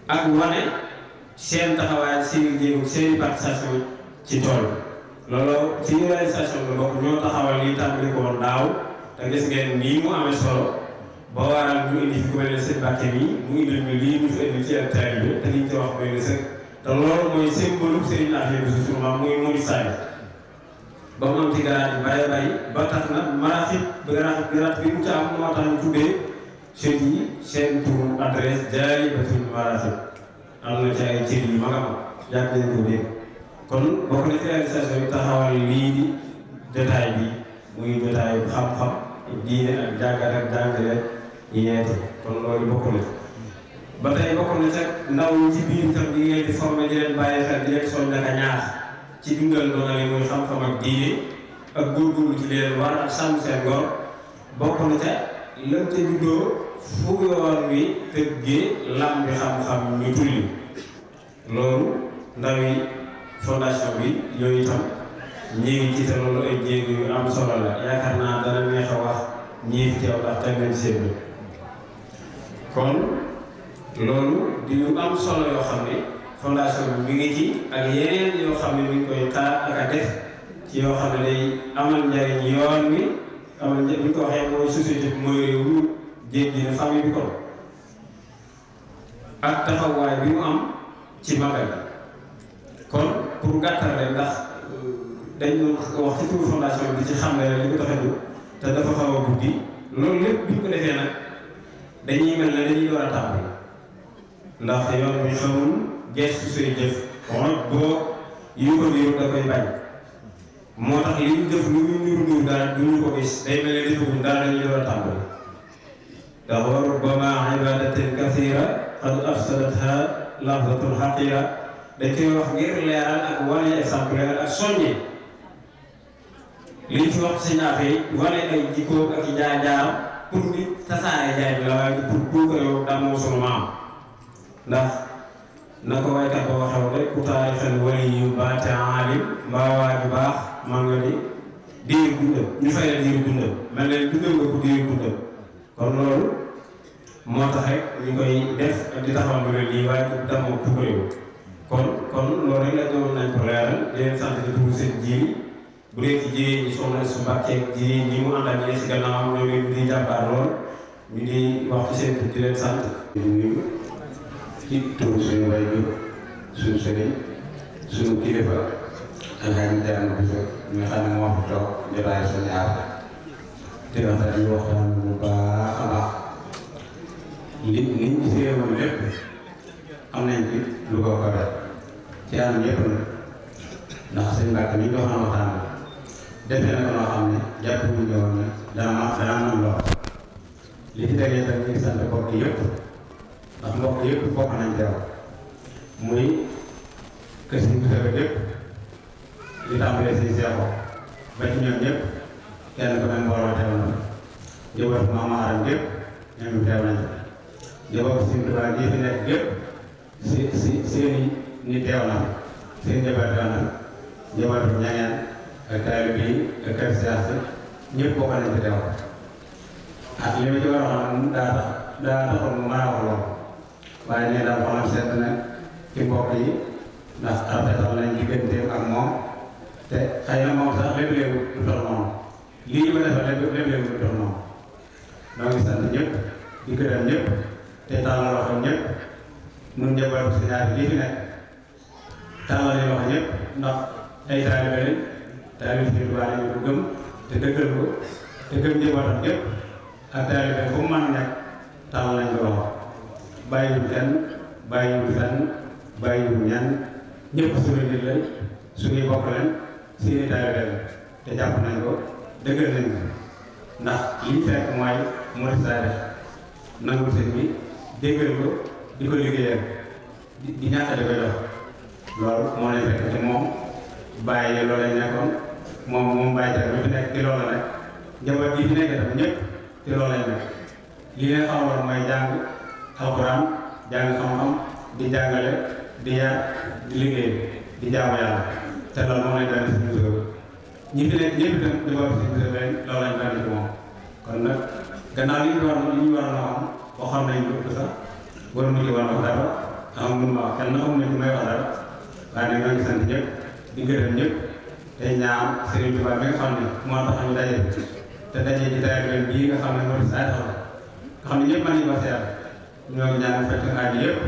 ak wane seen taxawaay seen jéego seen participation ci tool loolu ci réalisation bi bokk ñoo taxawal lii tàmbali ko woon daaw. te gis ngeen nii mu amee solo ba waral ñu indi fi ku mel seen bàkke mi mu indil ñu lii ñu fi indi ci ak taay bi te liñ mu ci am moo tax ñu tuddee chers yi seen tur adresse ba tur maraxit am na ci ay cër yu mag a mag yàgg nañ ko dégg kon bokk na ci réalisation yi lii di détail bi muy détail xam-xam diine ak jàngale ak jàngale yeete kon loolu bokk na ba tey bokk na ca ndaw ci biir kër gi ngeen di formé leen bàyyi xel di leen soññ ak a ñaax ci dundal doona li muy xam-xam ak diine ak góorgóorlu ci leen war ak sàmm seen ngor bokk na ca lëm ca juddoo fu yoon wi tëggee lam xam-xam ñu tulli loolu ndaw yi fondation bi yooyu itam ñii ngi ci te loolu ay jéego yu am solo la yaakaar naa dana neex a wax ñii fi teew ndax kenn leen seen kon loolu di yu am solo yoo xam ne fondation bi mi ngi ci ak yeneen yoo xam mi koy xaar ak def ci yoo xam day amal njariñ yoon wi amal njariñ bi ko waxee mooy société bi mooy réew mi jéem ji bi ko ak taxawaay bi mu am ci magal kon pour gàttal rek ndax dañu wax ci turu fondation bi ci xam ne li ko tax a jóg te dafa xaw a guddi loolu lépp bi ko defee nag dañuy mel ne dañuy door a tàmbali ndax yoon bi xamul daal du ko gis day mel ne defaguñ daal dañuy door a tàmbali ndax wa rubbama ibadatin kathira qad afsadatha lafzatul xaqira dañ koy wax ngir leeral ak wane exemple ak soññee liñ fi wax sëñ Afé wane ay jikkoom ak i jaar-jaaram pour nit tasaare jaay bi la waaye pour pour que yow daal moo sunu maam ndax na ko waykat ba waxew rek ku taarixal wala yu baate aalim mbaa waa ju baax man nga ni diir dundam ñu fay la diir dundam mel ne dundal nga ko diir dundam kon loolu moo tax rek ñu koy def ak di taxawal lu ne lii waaye du damoo pour yow kon kon loolu rek la doon nañ ko leeral di leen sant di dugg seen jiir kuréel ji soxna su Mbàkke ji ñi mu àndal ñi ne si gannaawam ñoom di jàmbaar lool ñu di wax ci seen di leen sant. di nuyu suñu way bi suñu sëriñ suñu kilifa alxames Diagne Bousso ñu xam ne moo fi toog jotaay suñu bu baax a baax li liñ séewoon lépp am nañ ci lu ko ko ci am yëpp nag ndax seen mbàkk mi ñu doon waxtaan defe na ko loo xam ne ñu woon ne dana ma dana mën lool li fi tegee tam ñu ngi sant mbokk yëpp ndax mbokk yëpp bokk nañ teew muy kër si mbir yëpp li si seexoo ba ci kenn na si Tuubaa gi fi nekk gépp ni na seen na ak taalibe bi ak kër ñëpp bokk nañ ci teew ak li ma ci war a xam daa tax daa taxoon mu mën a wax loolu waaye nee naa xolam seet na ci mbokk yi ndax rafetal nañ digganteem ak moom te xëy na moom sax lépp léegi du dox noonu lii ñu ko defal lépp léegi dox noonu ñoo ngi sant ñëpp di gërëm ñëpp te tàllal wax ñëpp ñun njabootu si ñaari lii fi nekk tàllal yi wax ñëpp ndax ay taalibe lañ taalibe Sëriñ Tuubaa lañu ko gëm te dëggal ko te gëm njabootam yëpp ak taalibe fu mu mën nekk taxaw nañ ko loxo bàyyiwul kenn bàyyiwul fenn bàyyiwul ñan ñëpp suñu nit lañ suñuy bokk lañ seeni taalibe lañ te jàpp nañ ko dëggal nañ ko ndax li ñu fekk mooy murid saadix nangul sëñ bi déggal ko di ko liggéeyal di ñàkk di ko loolu moo lay fekk te moom bàyyi loolu lañ nekkoon moom moom bàyyi jara bi fi nekk ci loolu la nekk njaboot gi fi nekk tam ñëpp ci loolu lañ nekk li leen xamaloon mooy jàng alxuraan jàng xam-xam di jàngale di yar di liggéey di jaamu yàlla te loolu moom lañ daan def suñu réew ñi fi nekk ñëpp itam di war suñu réew leen loolu lañ daan def moom kon nag gannaaw li ñu waroon li ñu waroon a xam waxoon nañ lu sax war mu ci waroon wax dara amul ma kenn amul nañ may wax dara waaye nag ñoo ngi sant ñëpp di gërëm ñëpp tey ñaan Serigne Touba bi nga xam ne moo tax ñu daje te daje ci tey bii nga xam ne moo tax ay taxaw nga xam ne ñëpp mën nañu ko seet ñoo ngi ñaan fekk aaj yëpp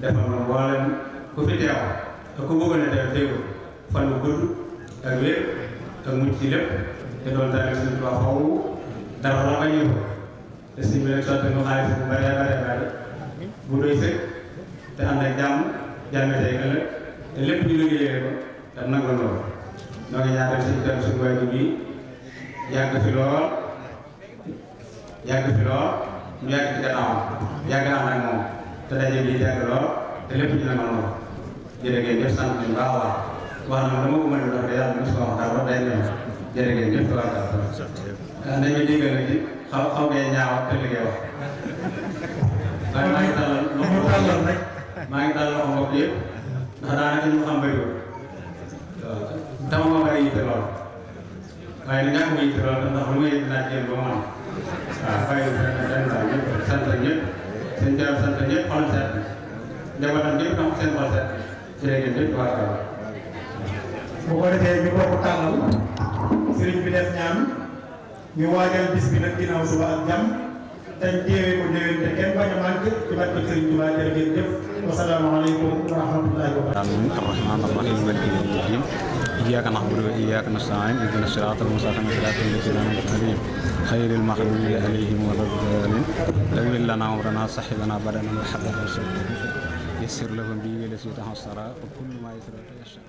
defal ma mboolem ku fi teew te ku bëggoon a teew teew fan wu gudd ak wér ak mucc ci lépp te doon daal Serigne Touba foofu dara la bañu ko te suñu leen sotti ñu xaalis bu bëree bëree bëri bu doy sëkk te ànd ak jàmm jàmm tey ëllëg te lépp ñu liggéeyee ko te nangu loolu ñoo ngi ñaanal suñu gan suñu waajur bi yàgg fi lool yàgg fi lool ñu yàgg ci gannaawam yàgg naa nag moom te daje bi yàgg lool te lépp ñu ne ma lool jërë ngeen jëf sant nañu baax a baax wax na dama ko mën a dox de yàlla mos ko wax dara day ñëw jërë ngeen jëf waa dara ndax dañu déggal nag ci xaw xaw ngay ñaaw te liggéey wax waaye maa ngi tàllal loxo tàllal rek maa ngi tàllal loxo mbokk yëpp ndax daanaka ñu xam bëriwul waaw dama ko bëri yitte lainnya waaye nag ñàkk ma yitte lool ndax lu ma yitte naa jël ba moom waaw bàyyi wu fenn fenn daal ñëpp sant ñëpp seen jaam sant ñëpp xol set njabootam ñëpp tam seen xol set ci léegi ñëpp waa kaw bu ko defee ñu bokk tàllal sëriñ bi إياك نعبد وإياك نستعين اهدنا الصراط المستقيم صراط الذين أنعمت عليهم خير المغضوب عليهم ولا الضالين لو لنا عمرنا صحبنا بدنا وحبنا يسر لهم به لسيتهم الصلاة وكل ما يسر يشاء